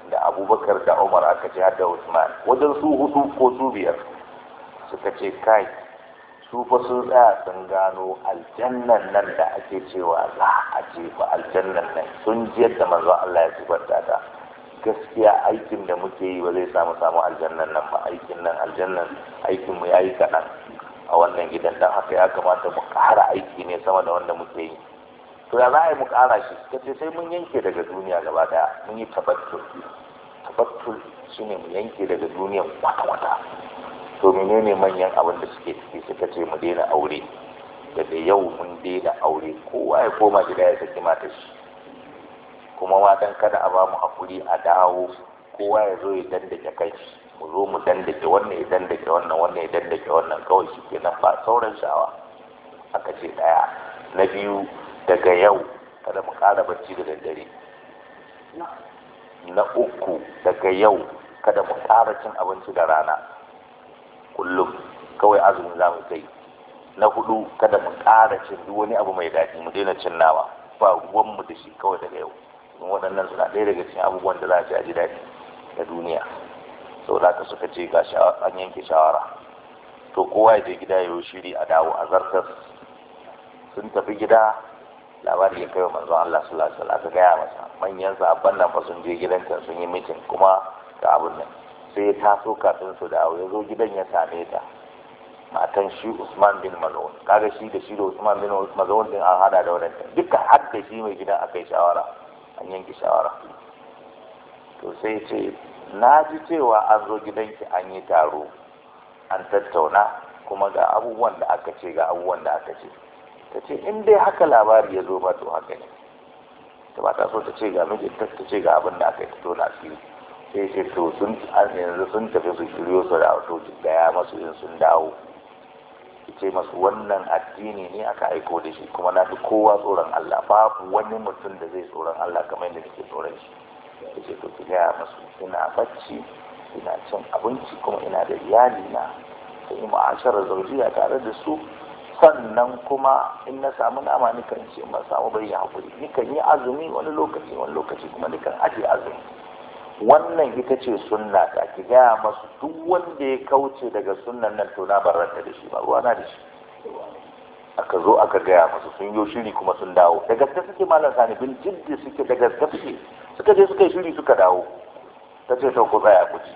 da abubakar da umar aka ji hada usman wajen su hudu ko su biyar suka ce kai su fa sun tsaya sun gano aljannan nan da ake cewa za a jefa fa aljannan nan sun ji yadda manzo Allah ya zubarta ta gaskiya aikin da muke yi ba zai samu samu aljannan nan ba aikin nan aljannan aikin mu yayi kaɗan a wannan gidan don haka ya kamata mu ƙara aiki ne sama da wanda muke yi to ya za a yi mu ƙara shi ta ce sai mun yanke daga duniya gaba daya mun yi tabattul tabattul ne mu yanke daga duniya wata-wata. to menene manyan abin da suke ciki suka ce mu daina aure daga yau mun daina aure kowa ya koma gida ya saki mata shi kuma matan kada a bamu hakuri a dawo kowa ya zo ya dandake kai mu zo mu dandake wannan ya dandake wannan wannan ya dandake wannan kawai shi kenan ba sauran shawa. aka ce daya na biyu daga yau kada mu ƙara bacci da daddare na uku daga yau kada mu ƙara cin abinci da rana kullum kawai azumi za mu kai na hudu kada mu kara cin duk wani abu mai daɗi mu daina cin nama ba ruwan mu da shi kawai daga yau don waɗannan suna ɗaya daga cikin abubuwan da za a ci a ji daɗi na duniya sau da suka ce ga an yanke shawara to kowa ya je gida ya yi shiri a dawo a zartar sun tafi gida labari ya kai wa manzon Allah sallallahu alaihi wasallam aka gaya masa manyan sahabban nan fa sun je gidanta sun yi mitin kuma ga abun nan sai ta so kafin su da ya zo gidan ya same ta matan shi Usman bin Mal'un kaga shi da shi da Usman bin Mal'un din an hada da wannan dukkan har shi mai gidan aka yi shawara an yanke shawara to sai ce na ji cewa an zo gidanki an yi taro an tattauna kuma ga abubuwan da aka ce ga abubuwan da aka ce ta ce in dai haka labari ya zo ba to haka ne ta ba ta so ta ce ga mijinta ta ce ga abin da aka yi ta tona fili sai ce to sun yanzu sun tafi su shiryo su da to gaya masu yin sun dawo Ta ce masu wannan addini ne aka aiko da shi kuma na fi kowa tsoron Allah babu wani mutum da zai tsoron Allah kamar yadda nake tsoron shi ya ce to ta gaya masu ina bacci ina cin abinci kuma ina da iyali na ta yi ma'asharar zaujiya tare da su sannan kuma in na samu nama nikan ce ban samu bari ya hakuri nikan yi azumi wani lokaci wani lokaci kuma nikan aje azumi wannan ita ce sunna ta ki gaya masu duk wanda ya kauce daga sunnan nan to na barranta da shi ba ruwa na da shi aka zo aka gaya masu sun yi shiri kuma sun dawo da gaske suke malam sani bin jiddi suke da gaske suke suka je suka yi shiri suka dawo ta ce to ku tsaya ku ji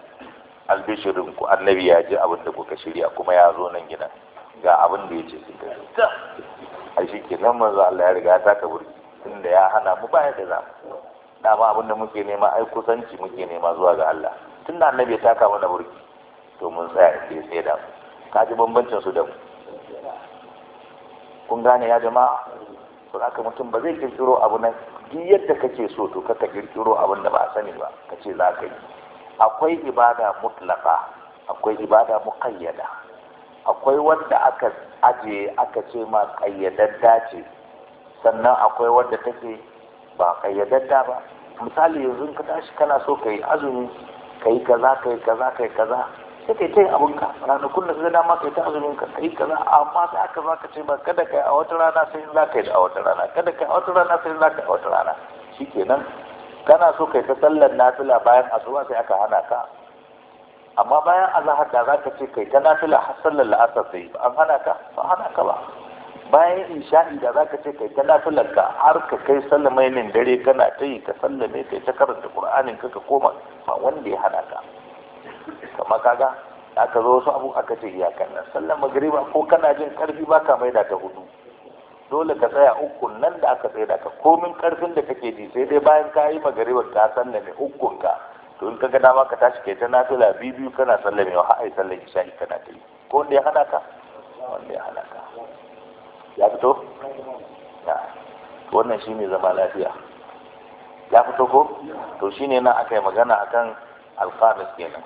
albishirin ku annabi ya ji abin da kuka shirya kuma ya zo nan gidan ga abin da ya ce su kai a shi ke nan manzo Allah ya riga ta kaburi tunda ya hana mu baya da zamu dama abin da muke nema ai kusanci muke nema zuwa ga Allah da annabi ya taka mana burki to mun tsaya inda ya da mu ka ji bambancin su da mu kun gane ya jama'a to haka mutum ba zai kirkiro abu na duk yadda kake so to ka kirkiro abin da ba a sani ba Ka ce za ka yi akwai ibada mutlaka akwai ibada mukayyada. akwai wanda aka aje aka ce ma kayyadadda ce sannan akwai wanda take ba kayyadadda ba misali yanzu ka tashi kana so ka yi azumi ka yi kaza ka yi kaza ka yi kaza sai ka yi ta yin ka ranakun da sai dama ka yi ta azumin ka ka yi kaza amma sai aka zaka ce ba kada ka yi a wata rana sai in za ka yi a wata rana kada ka yi a wata rana sai in za ka yi a wata rana shikenan kana so ka yi ta sallar nafila bayan asuba sai aka hana ka amma bayan azahar da za ka ce kai ta nafila har sallar la'asar sai an hana ka ba hana ka ba bayan isha'i da za ka ce kai ta nafilar ka har ka kai sallama yin dare kana ta yi ka sallame kai ta karanta qur'anin ka ka koma ba wanda ya hana ka kama kaga aka zo wasu abu aka ce iyakan nan sallar magriba ko kana jin karfi ba ka maida ta hudu dole ka tsaya uku nan da aka tsaya da ka komin karfin da kake ji sai dai bayan ka yi magriba ka sallame ukun ka to in kaga dama ka tashi kai ta nafila biyu biyu kana sallame wa ai sallar isha'i kana ta yi ko wanda ya hana ka wanda ya hana ka ya fito To wannan shine zama lafiya ya fito ko to shine na aka yi magana akan alqamis kenan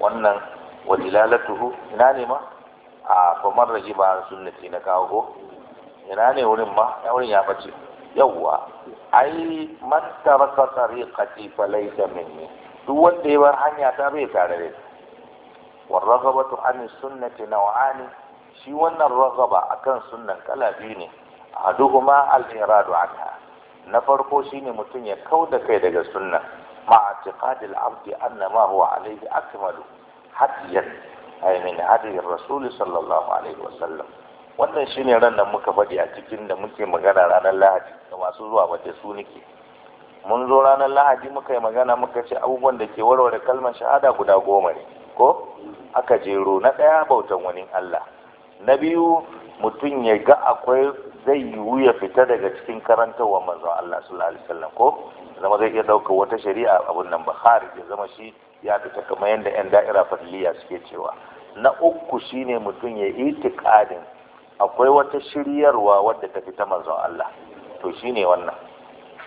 wannan wa dilalatuhu ina ne ma a kamar rage ba sunnati na kawo ko ina ne wurin ma ya wurin ya bace yawwa ai man taraka tariqati falaysa minni duk wanda ya bar hanya ta bai tare da warragabatu an sunnati naw'ani shi wannan ragaba akan sunnan kala biyu ne ahaduhuma al-iradu anha na farko shine mutum ya kauda kai daga sunna ma i'tiqadil abdi anna ma huwa alayhi akmalu hadiyan ay min hadi rasul sallallahu alaihi wasallam wannan shine ran da muka faɗi a cikin da muke magana ranar lahadi da masu zuwa bace su nake mun zo ranar lahadi muka yi magana muka ce abubuwan da ke warware kalmar shahada guda goma ne ko aka jero na ɗaya bautan wani Allah na biyu mutum ya ga akwai zai yiwu ya fita daga cikin karantarwa manzon Allah sallallahu alaihi wasallam ko zama zai iya ɗaukar wata shari'a abun nan bahari ya zama shi ya fita kamar yadda 'yan da'ira fadliya suke cewa na uku shine mutum ya yi tikadin akwai wata shiryarwa wadda ta fita manzon Allah to shine wannan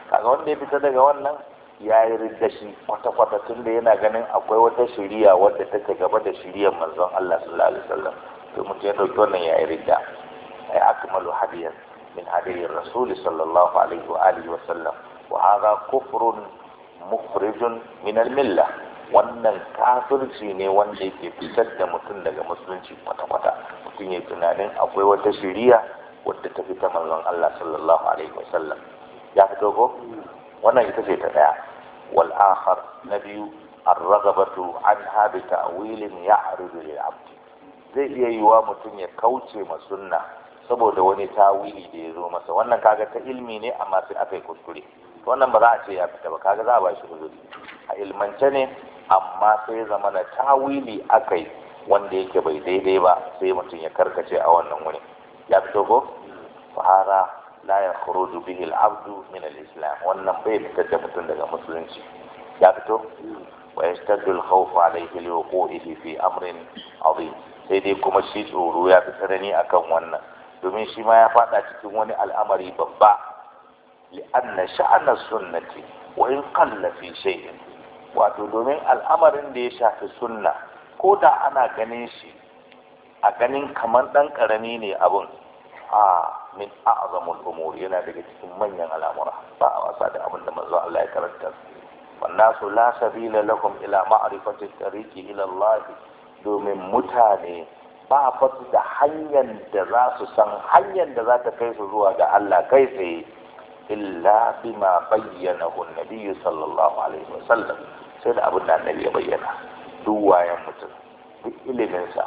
kaga wanda ya fita daga wannan ya yi ridda shi kwata-kwata tun da yana ganin akwai wata shiriya wadda take gaba da shiriyar manzon Allah sallallahu alaihi wasallam to mutum ya dauki wannan ya yi ridda ay akmalu hadiyan min hadiyi rasul sallallahu alaihi wa alihi wasallam wa hadha kufrun mukhrijun min al-milla wannan kafirci ne wanda yake fitar da mutum daga musulunci kwata-kwata mutum ya tunanin akwai wata shiriya wadda ta fita manzon Allah sallallahu alaihi wa sallam ya fito ko wannan ita ce ta daya wal akhar na biyu ar-ragabatu an bi ta'wilin ya'ridu lil abdi zai iya yi wa mutum ya kauce ma sunna saboda wani tawili da ya zo masa wannan kaga ta ilmi ne amma sai aka yi kuskure wannan ba za a ce ya fita ba kaga za a ba shi uzuri a ilmance ne amma sai zama na tawili aka yi wanda yake bai daidai ba sai mutum ya karkace a wannan wuri ya fito ko fara la ya khuruju bihi al-abdu min al-islam wannan bai da mutum daga musulunci ya fito wa yashtaddu al-khawf alayhi li fi amrin azim sai dai kuma shi tsoro ya fi tsanani akan wannan domin shi ma ya fada cikin wani al'amari babba li'anna sha'ana sunnati wa in qalla fi shay'in wato domin al'amarin da ya shafi sunna ko da ana ganin shi a ganin kamar dan karami ne abun a min a'zamul umur yana daga cikin manyan al'amura ba a wasa da abin da manzo Allah ya karanta nasu la sabila lakum ila ma'rifati tariqi ila Allah domin mutane ba fatu da hanyar da za su san hanyar da za ta kai su zuwa ga Allah kai tsaye illa bima bayyana an nabiyyu sallallahu alaihi wasallam sai da abin da annabi ya bayyana duk wayan mutum duk iliminsa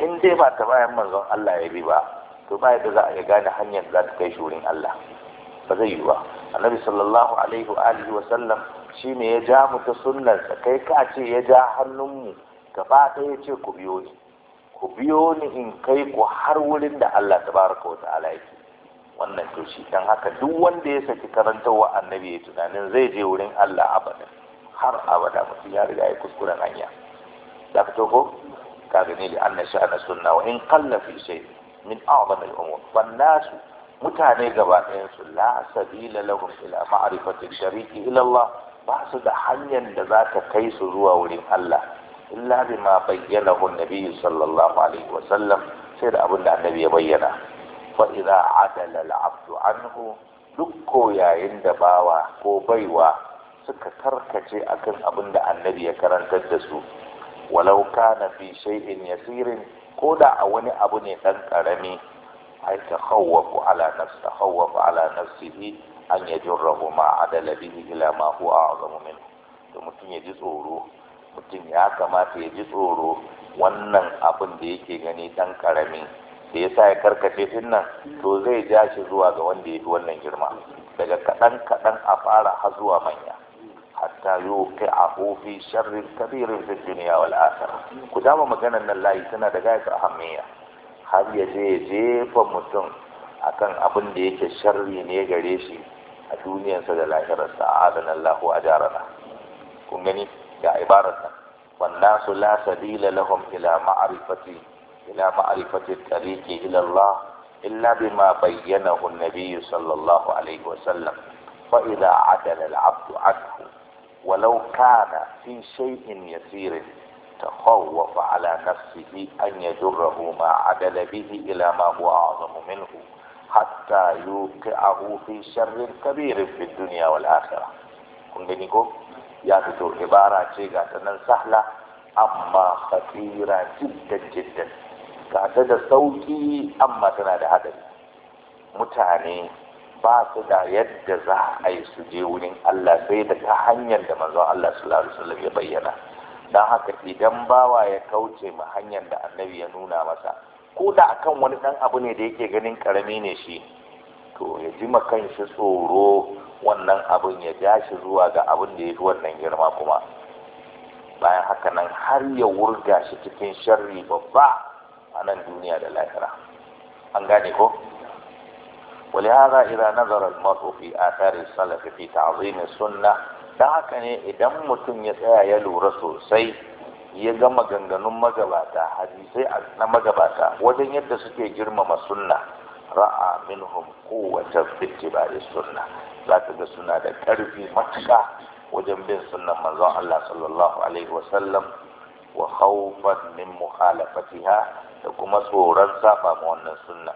in dai ba ta bayan manzon Allah ya bi ba to ba yadda za a gane hanyar za ta kai shi wurin Allah ba zai yiwu ba annabi sallallahu alaihi wa alihi wa sallam shine ya ja mu ta sunnar kai ka ce ya ja hannunmu gaba ta ya ce ku biyo ni ku biyo ni in kai ku har wurin da Allah tabaraka wa ta'ala yake wannan to shi dan haka duk wanda ya saki karantarwa annabi ya tunanin zai je wurin Allah abadan, har abada mutum ya riga ya kuskuren hanya za ka toko? ka gani da annashi ana sunna wa in qalla fi min a'zam al-umur wan nas mutane gaba ɗayan su la sabila lahum ila ma'rifati shariqi ila Allah ba su da hanyar da za ta kai su zuwa wurin Allah illa bima bayyana hu nabi sallallahu alaihi wa sallam sai da abin da annabi ya bayyana fa idza adala al-abdu anhu duk ko yayin da bawa ko baiwa suka karkace akan abin da annabi ya karantar da su walau kana fi shay'in yasirin ko da a wani abu ne ɗan ƙarami ai ta khawwafu ala nafsi khawwafu ala nafsihi an yajurrahu ma adala bihi ila ma huwa a'zamu min to mutum ya ji tsoro mutum ya kamata ya ji tsoro wannan abin da yake gani ɗan ƙarami da ya sa ya karkace din nan to zai ja shi zuwa ga wanda ya fi wannan girma daga kaɗan kaɗan a fara har zuwa manya hatta yuqi'ahu fi sharrin kabirin fi dunya wal akhirah ku dama maganar nan layi tana da gayatu ahammiya har ya je ya jefa mutum akan abin da yake sharri ne gare shi a duniyarsa da lahirarsa adana Allah wa jarana kun gani ga ibarar nan wan nasu la sabila lahum ila ma'rifati ila ma'rifati tariqi ila Allah illa bima bayyanahu an sallallahu alaihi wa sallam fa idza adala ولو كان في شيء يسير تخوف على نفسه أن يجره ما عدل به إلى ما هو أعظم منه حتى يوقعه في شر كبير في الدنيا والآخرة يا فتور عبارة جيغة سهلة أما خطيرة جدا جدا كعتد صوتي أما تنادى هذا متعني ba su da yadda za a yi su je wurin Allah sai da ta hanyar da manzon Allah sallallahu alaihi wasallam ya bayyana dan haka idan bawa ya kauce ma hanyar da annabi ya nuna masa ko da akan wani dan abu ne da yake ganin karami ne shi to ya ji makan shi tsoro wannan abun ya ja shi zuwa ga abin da ya fi wannan girma kuma bayan haka nan har ya wurga shi cikin sharri babba a nan duniya da lahira an gane ko ولهذا إذا نظر المرء a آثار السلف في تعظيم السنة da haka ne idan mutum ya tsaya ya lura sosai ya gama ganganun magabata hadisai na magabata wajen yadda suke girmama sunna ra'a minhum quwwata ittiba'i sunna zaka ga suna da karfi matuka wajen bin sunnan manzon Allah sallallahu wa khawfan min mukhalafatiha da kuma tsoron saba ma wannan sunna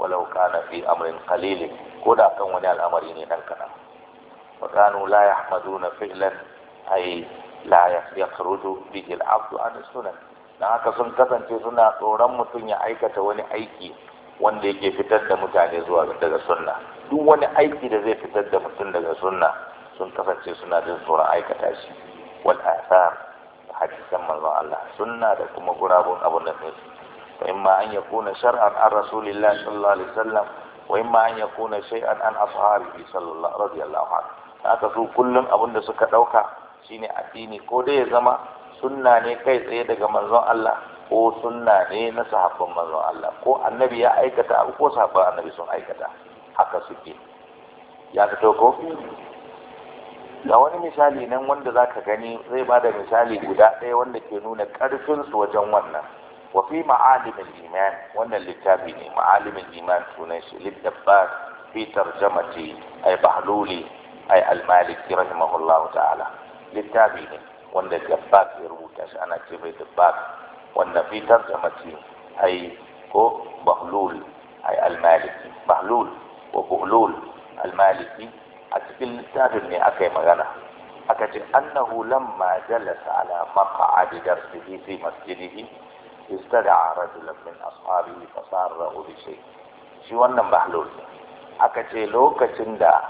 walau kana fi amrin qalil ko da kan wani al'amari ne dan kana na? kanu la yahmaduna fi'lan ay la yakhruju bihi al-'abdu sunan dan haka sun kasance suna tsoron mutum ya aikata wani aiki wanda yake fitar da mutane zuwa daga sunna duk wani aiki da zai fitar da mutum daga sunna sun kasance suna jin tsoron aikata shi wal athar hadisan manzon Allah sunna da kuma gurabun abun da وإما أن يكون شرعا عن رسول الله صلى الله عليه وسلم وإما أن يكون شيئا عن أصحابه صلى الله رضي الله عنه haka su kullum abin da suka ɗauka shine addini ko dai ya zama sunna ne kai tsaye daga manzon Allah ko sunna ne na sahabban manzon Allah ko annabi ya aikata abu ko sahabban annabi sun aikata haka suke ya fito ko ga wani misali nan wanda zaka gani zai bada misali guda ɗaya wanda ke nuna ƙarfin su wajen wannan وفي معالم الإيمان وأن اللي تابني معالم الإيمان سنيش للدباس في ترجمة أي بحلولي أي المالكي رحمه الله تعالى للتابعين وأن الدباس يروتش أنا كيف الدباس وأن في ترجمة أي هو بحلول أي المالكي بحلول وبحلول المالكي أتكلم التابعين أكي مغانا أكتب أنه لما جلس على مقعد درسه في مسجده istada'a rajulan min ashabihi fasarra bi shay shi wannan bahlul aka ce lokacin da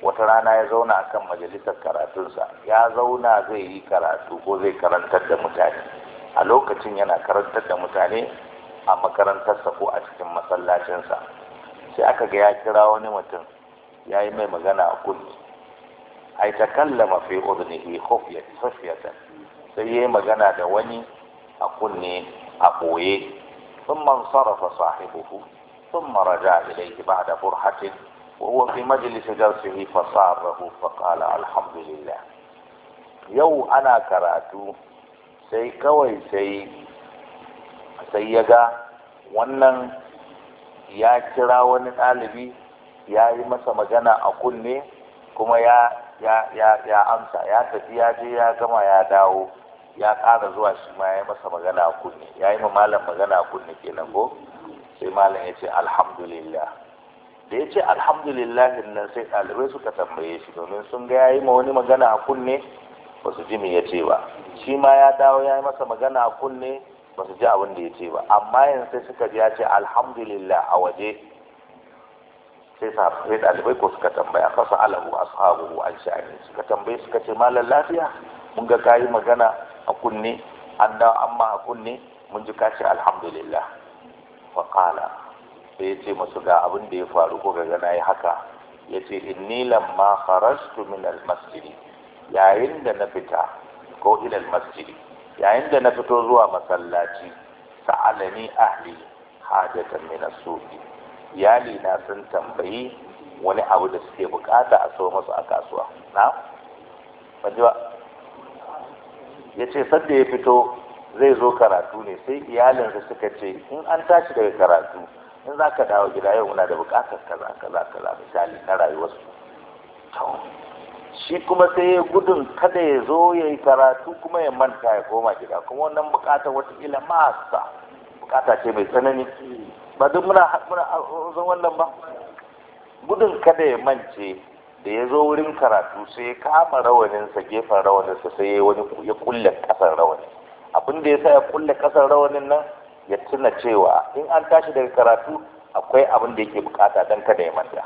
wata rana ya zauna kan majalisar karatunsa ya zauna zai yi karatu ko zai karantar da mutane a lokacin yana karantar da mutane a makarantarsa ko a cikin masallacinsa sai aka ga ya kira wani mutum ya yi mai magana a kunni ai ta kallama fi udnihi hofiyar sai ya yi magana da wani a kunne a ɓoye sun man sarrafa sahibuhu sun maraja ilaihi ba da burhatin وهو في مجلس درسه فصاره فقال الحمد لله yau ana karatu sai kawai sai sai ya ga wannan ya kira wani ɗalibi ya yi masa magana a kunne kuma ya ya ya amsa ya tafi ya je ya gama ya dawo ya ƙara zuwa shi ma ya masa magana a kunne ya yi ma malam magana a kunne kenan ko sai malam ya ce alhamdulillah da ya ce alhamdulillah nan sai ɗalibai suka tambaye shi domin sun ga ya yi ma wani magana a kunne ba su ji me ya ce ba shi ma ya dawo ya yi masa magana a kunne ba su ji abin da ya ce ba amma yanzu sai suka ji ya ce alhamdulillah a waje sai sai ɗalibai ko suka tambaya fasa alahu ashabuhu an sha'ani suka tambaye suka ce malam lafiya mun ga kayi magana a kunne an da amma a kunne mun ji kashi alhamdulillah fa sai ya ce masu ga abin da ya faru ko ga na yi haka ya ce inni lamma kharastu min almasjidi yayin da na fita ko ila almasjidi yayin da na fito zuwa masallaci sa'alani ahli hajatan min as-suqi iyali na sun tambayi wani abu da suke bukata a so musu a kasuwa na ban ji ba ya ce sadda ya fito zai zo karatu ne sai iyalinsa suka ce in an tashi daga karatu in za ka dawo gida yau muna da bukatar kaza kaza kaza misali na rayuwarsu shi kuma sai ya gudun kada ya zo ya yi karatu kuma ya manta ya koma gida kuma wannan bukata watakila masa bukata ce mai tsanani ba duk muna muna wannan ba gudun kada ya mance da ya zo wurin karatu sai ya kama rawaninsa gefen rawaninsa sai ya wani ya kulle kasar rawanin abin da ya sa ya kulle kasar rawanin nan ya tuna cewa in an tashi daga karatu akwai abin da yake bukata don kada ya manta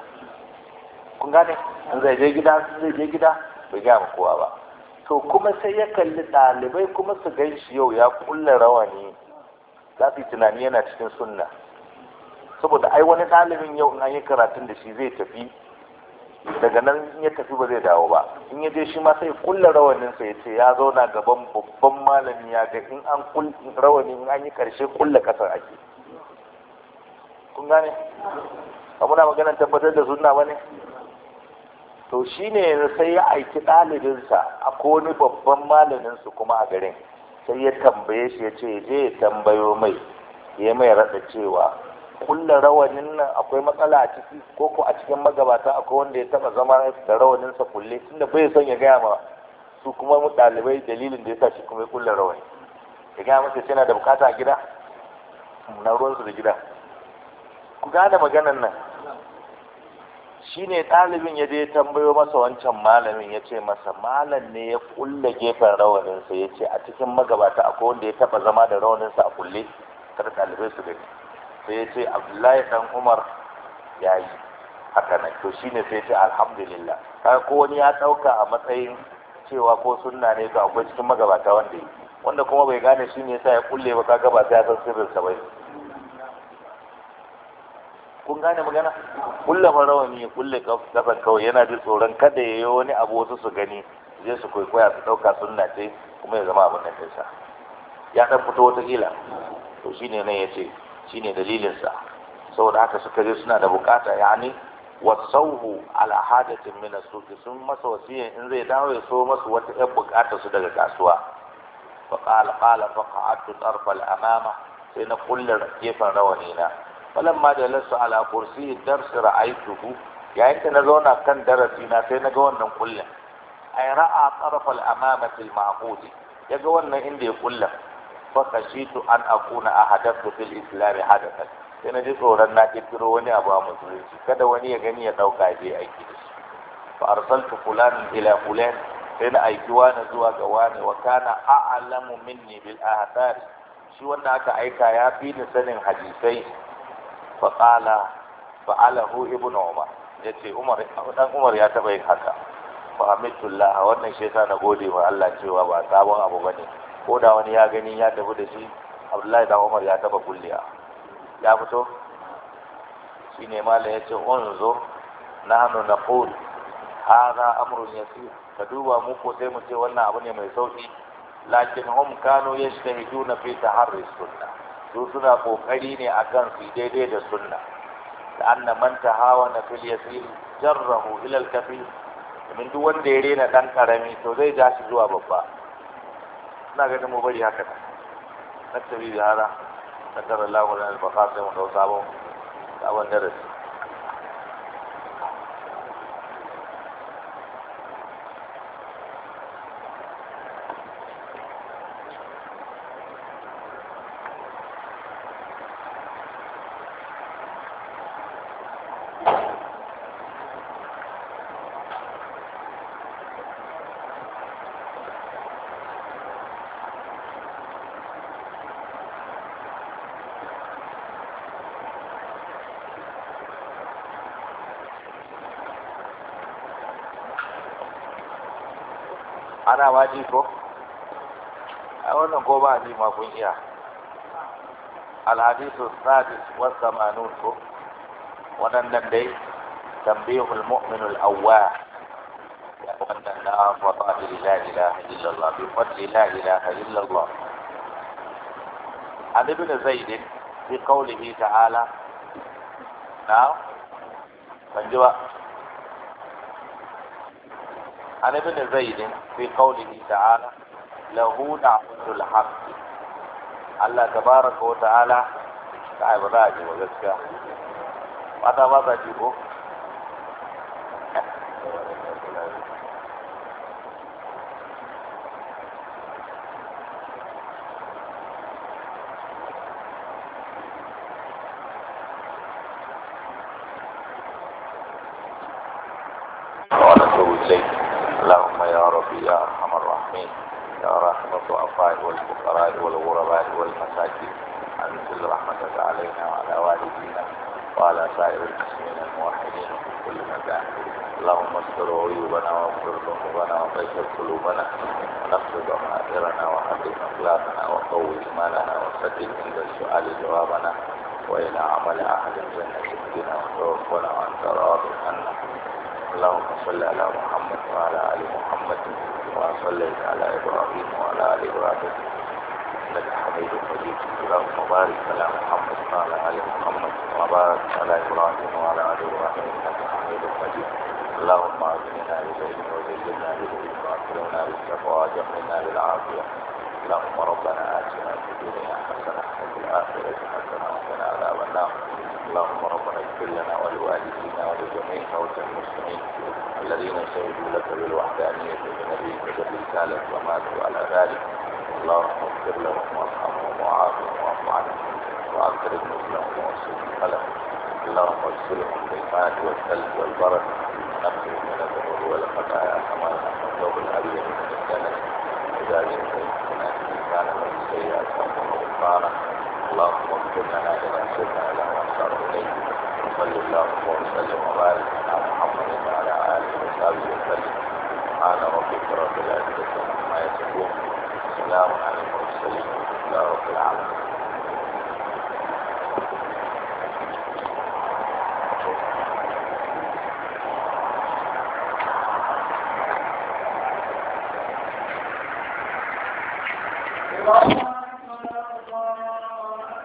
kun gane in zai je gida zai je gida bai gaya ma kowa ba to kuma sai ya kalli ɗalibai kuma su gan shi yau ya kulle rawani za su yi tunani yana cikin sunna saboda ai wani dalibin yau in an yi karatun da shi zai tafi daga nan in ya tafi ba zai dawo ba in ya je shi ma sai kulla rawanin sa yace ya zauna gaban babban malami ya ga in an kulla rawani an yi karshe kulla kasar ake kun gane ba muna magana tabbatar da sunna bane to shine sai ya aiki ɗalibinsa a wani babban malamin su kuma a garin sai ya tambaye shi ya ce je ya tambayo mai ya mai raɗa cewa kulla rawanin nan akwai matsala a ciki ko ko a cikin magabata akwai wanda ya taba zama da rawanin sa kulle tunda bai son ya gaya ma su kuma mu dalibai dalilin da yasa shi kuma ya kulla rawani ya gaya masa yana da bukata a gida na ruwan su da gida ku gane maganan nan ne ɗalibin ya je tambayo masa wancan malamin ya ce masa malam ne ya kulle gefen rawaninsa ya ce a cikin magabata akwai wanda ya taba zama da sa a kulle kar ɗalibai su gani sai ya ce abdullahi dan umar ya yi haka na to shine sai ce alhamdulillah kai ko wani ya dauka a matsayin cewa ko sunna ne to akwai cikin magabata wanda yi wanda kuma bai gane shi ne yasa ya kulle ba kaga ba sai ya san sirrin sa bai kun gane magana kulle farawani kulle kafan kawai yana jin tsoron kada ya yi wani abu wasu su gani zai su kwaikwaya su dauka sunna ce kuma ya zama abin da ya ya dan fito wata kila to shine nan ya ce shine dalilinsa saboda haka suka je suna da bukata yani wasauhu ala hadatin min suki sun masa wasiya in zai dawo ya so masu wata yan bukatar su daga kasuwa fa qala qala fa qa'adtu tarfa al amama sai na kullar gefen rawani na falamma da lasu ala kursi dars ra'aytuhu yayin da na zauna kan darasi na sai na ga wannan kullin ay ra'a tarfa al amama fil ma'qudi yaga wannan inda ya kullar fa khashitu an akuna ahadathu fil islam hadathan sai na ji tsoron na kirkiro wani abu a musulunci kada wani ya gani ya ɗauka je aiki da shi fa arsaltu ila fulan sai na aiki wani zuwa ga wani wa kana a'lamu minni bil athari shi wanda aka aika ya fi ni sanin hadisai fa qala fa'alahu ibnu umar yace umar dan umar ya taba yin haka fa hamdulillah wannan shi yasa na gode wa Allah cewa ba sabon abu bane ko da wani ya gani ya tafi da shi abdullahi da umar ya taba kulliya ya fito shi ne malam ya ce unzo nahnu Haza Amurin ya yasir ka duba mu ko sai mu ce wannan abu ne mai sauki lakin ya ta kanu juna fi harri sunna su suna kokari ne akan su daidai da sunna anna man tahawana fil yasir jarrahu ilal kafi domin duk wanda ya rena dan karami to zai ja shi zuwa babba Ina ganin mu bari haka na tabi da hara na tara lagunan albaka sai mu dau sabon sabon darasi ma ji ko a wannan ko ba ji ma kun iya alhadisu sadis wa samanun ko waɗannan dai tambihul mu'minul awwa wannan na fadli la ilaha illallah bi fadli la ilaha illallah عن ابن زيد في قوله تعالى نعم من عن ابن زيد في قوله تعالى له نعبد الحق الله تبارك وتعالى تعالى بذاك وذكر ماذا ماذا تجيبه آل محمد على إبراهيم وعلى آل إبراهيم إنك حميد مجيد اللهم أغننا بالعلم وزينا بالعلم وأكرمنا بالتقوى وجمعنا بالعافية اللهم ربنا آتنا في الدنيا حسنة وفي الآخرة حسنة وقنا عذاب النار اللهم ربنا اغفر لنا ولوالدينا ولجميع موتى المسلمين الذين شهدوا لك بالوحدانية بنبيك وبرسالة وماتوا على ذلك اللهم اغفر لهم وارحمهم وعافهم واعف عنهم وعن طريق مسلم وموصول القلم اللهم اغسلهم بالماء والثلج والبرد نقهم من الذنوب والخطايا كما نقلوب الابيض من الدنس اذا جئت من الانسان والسيئات وغفرانك اللهم اغفر لنا الى سيدنا الى ما صار اليه وصل اللهم وسلم وبارك على محمد وعلى اله وصحبه وسلم سبحان ربك رب العزه عما يصفون سلام على المرسلين لا رب العالمين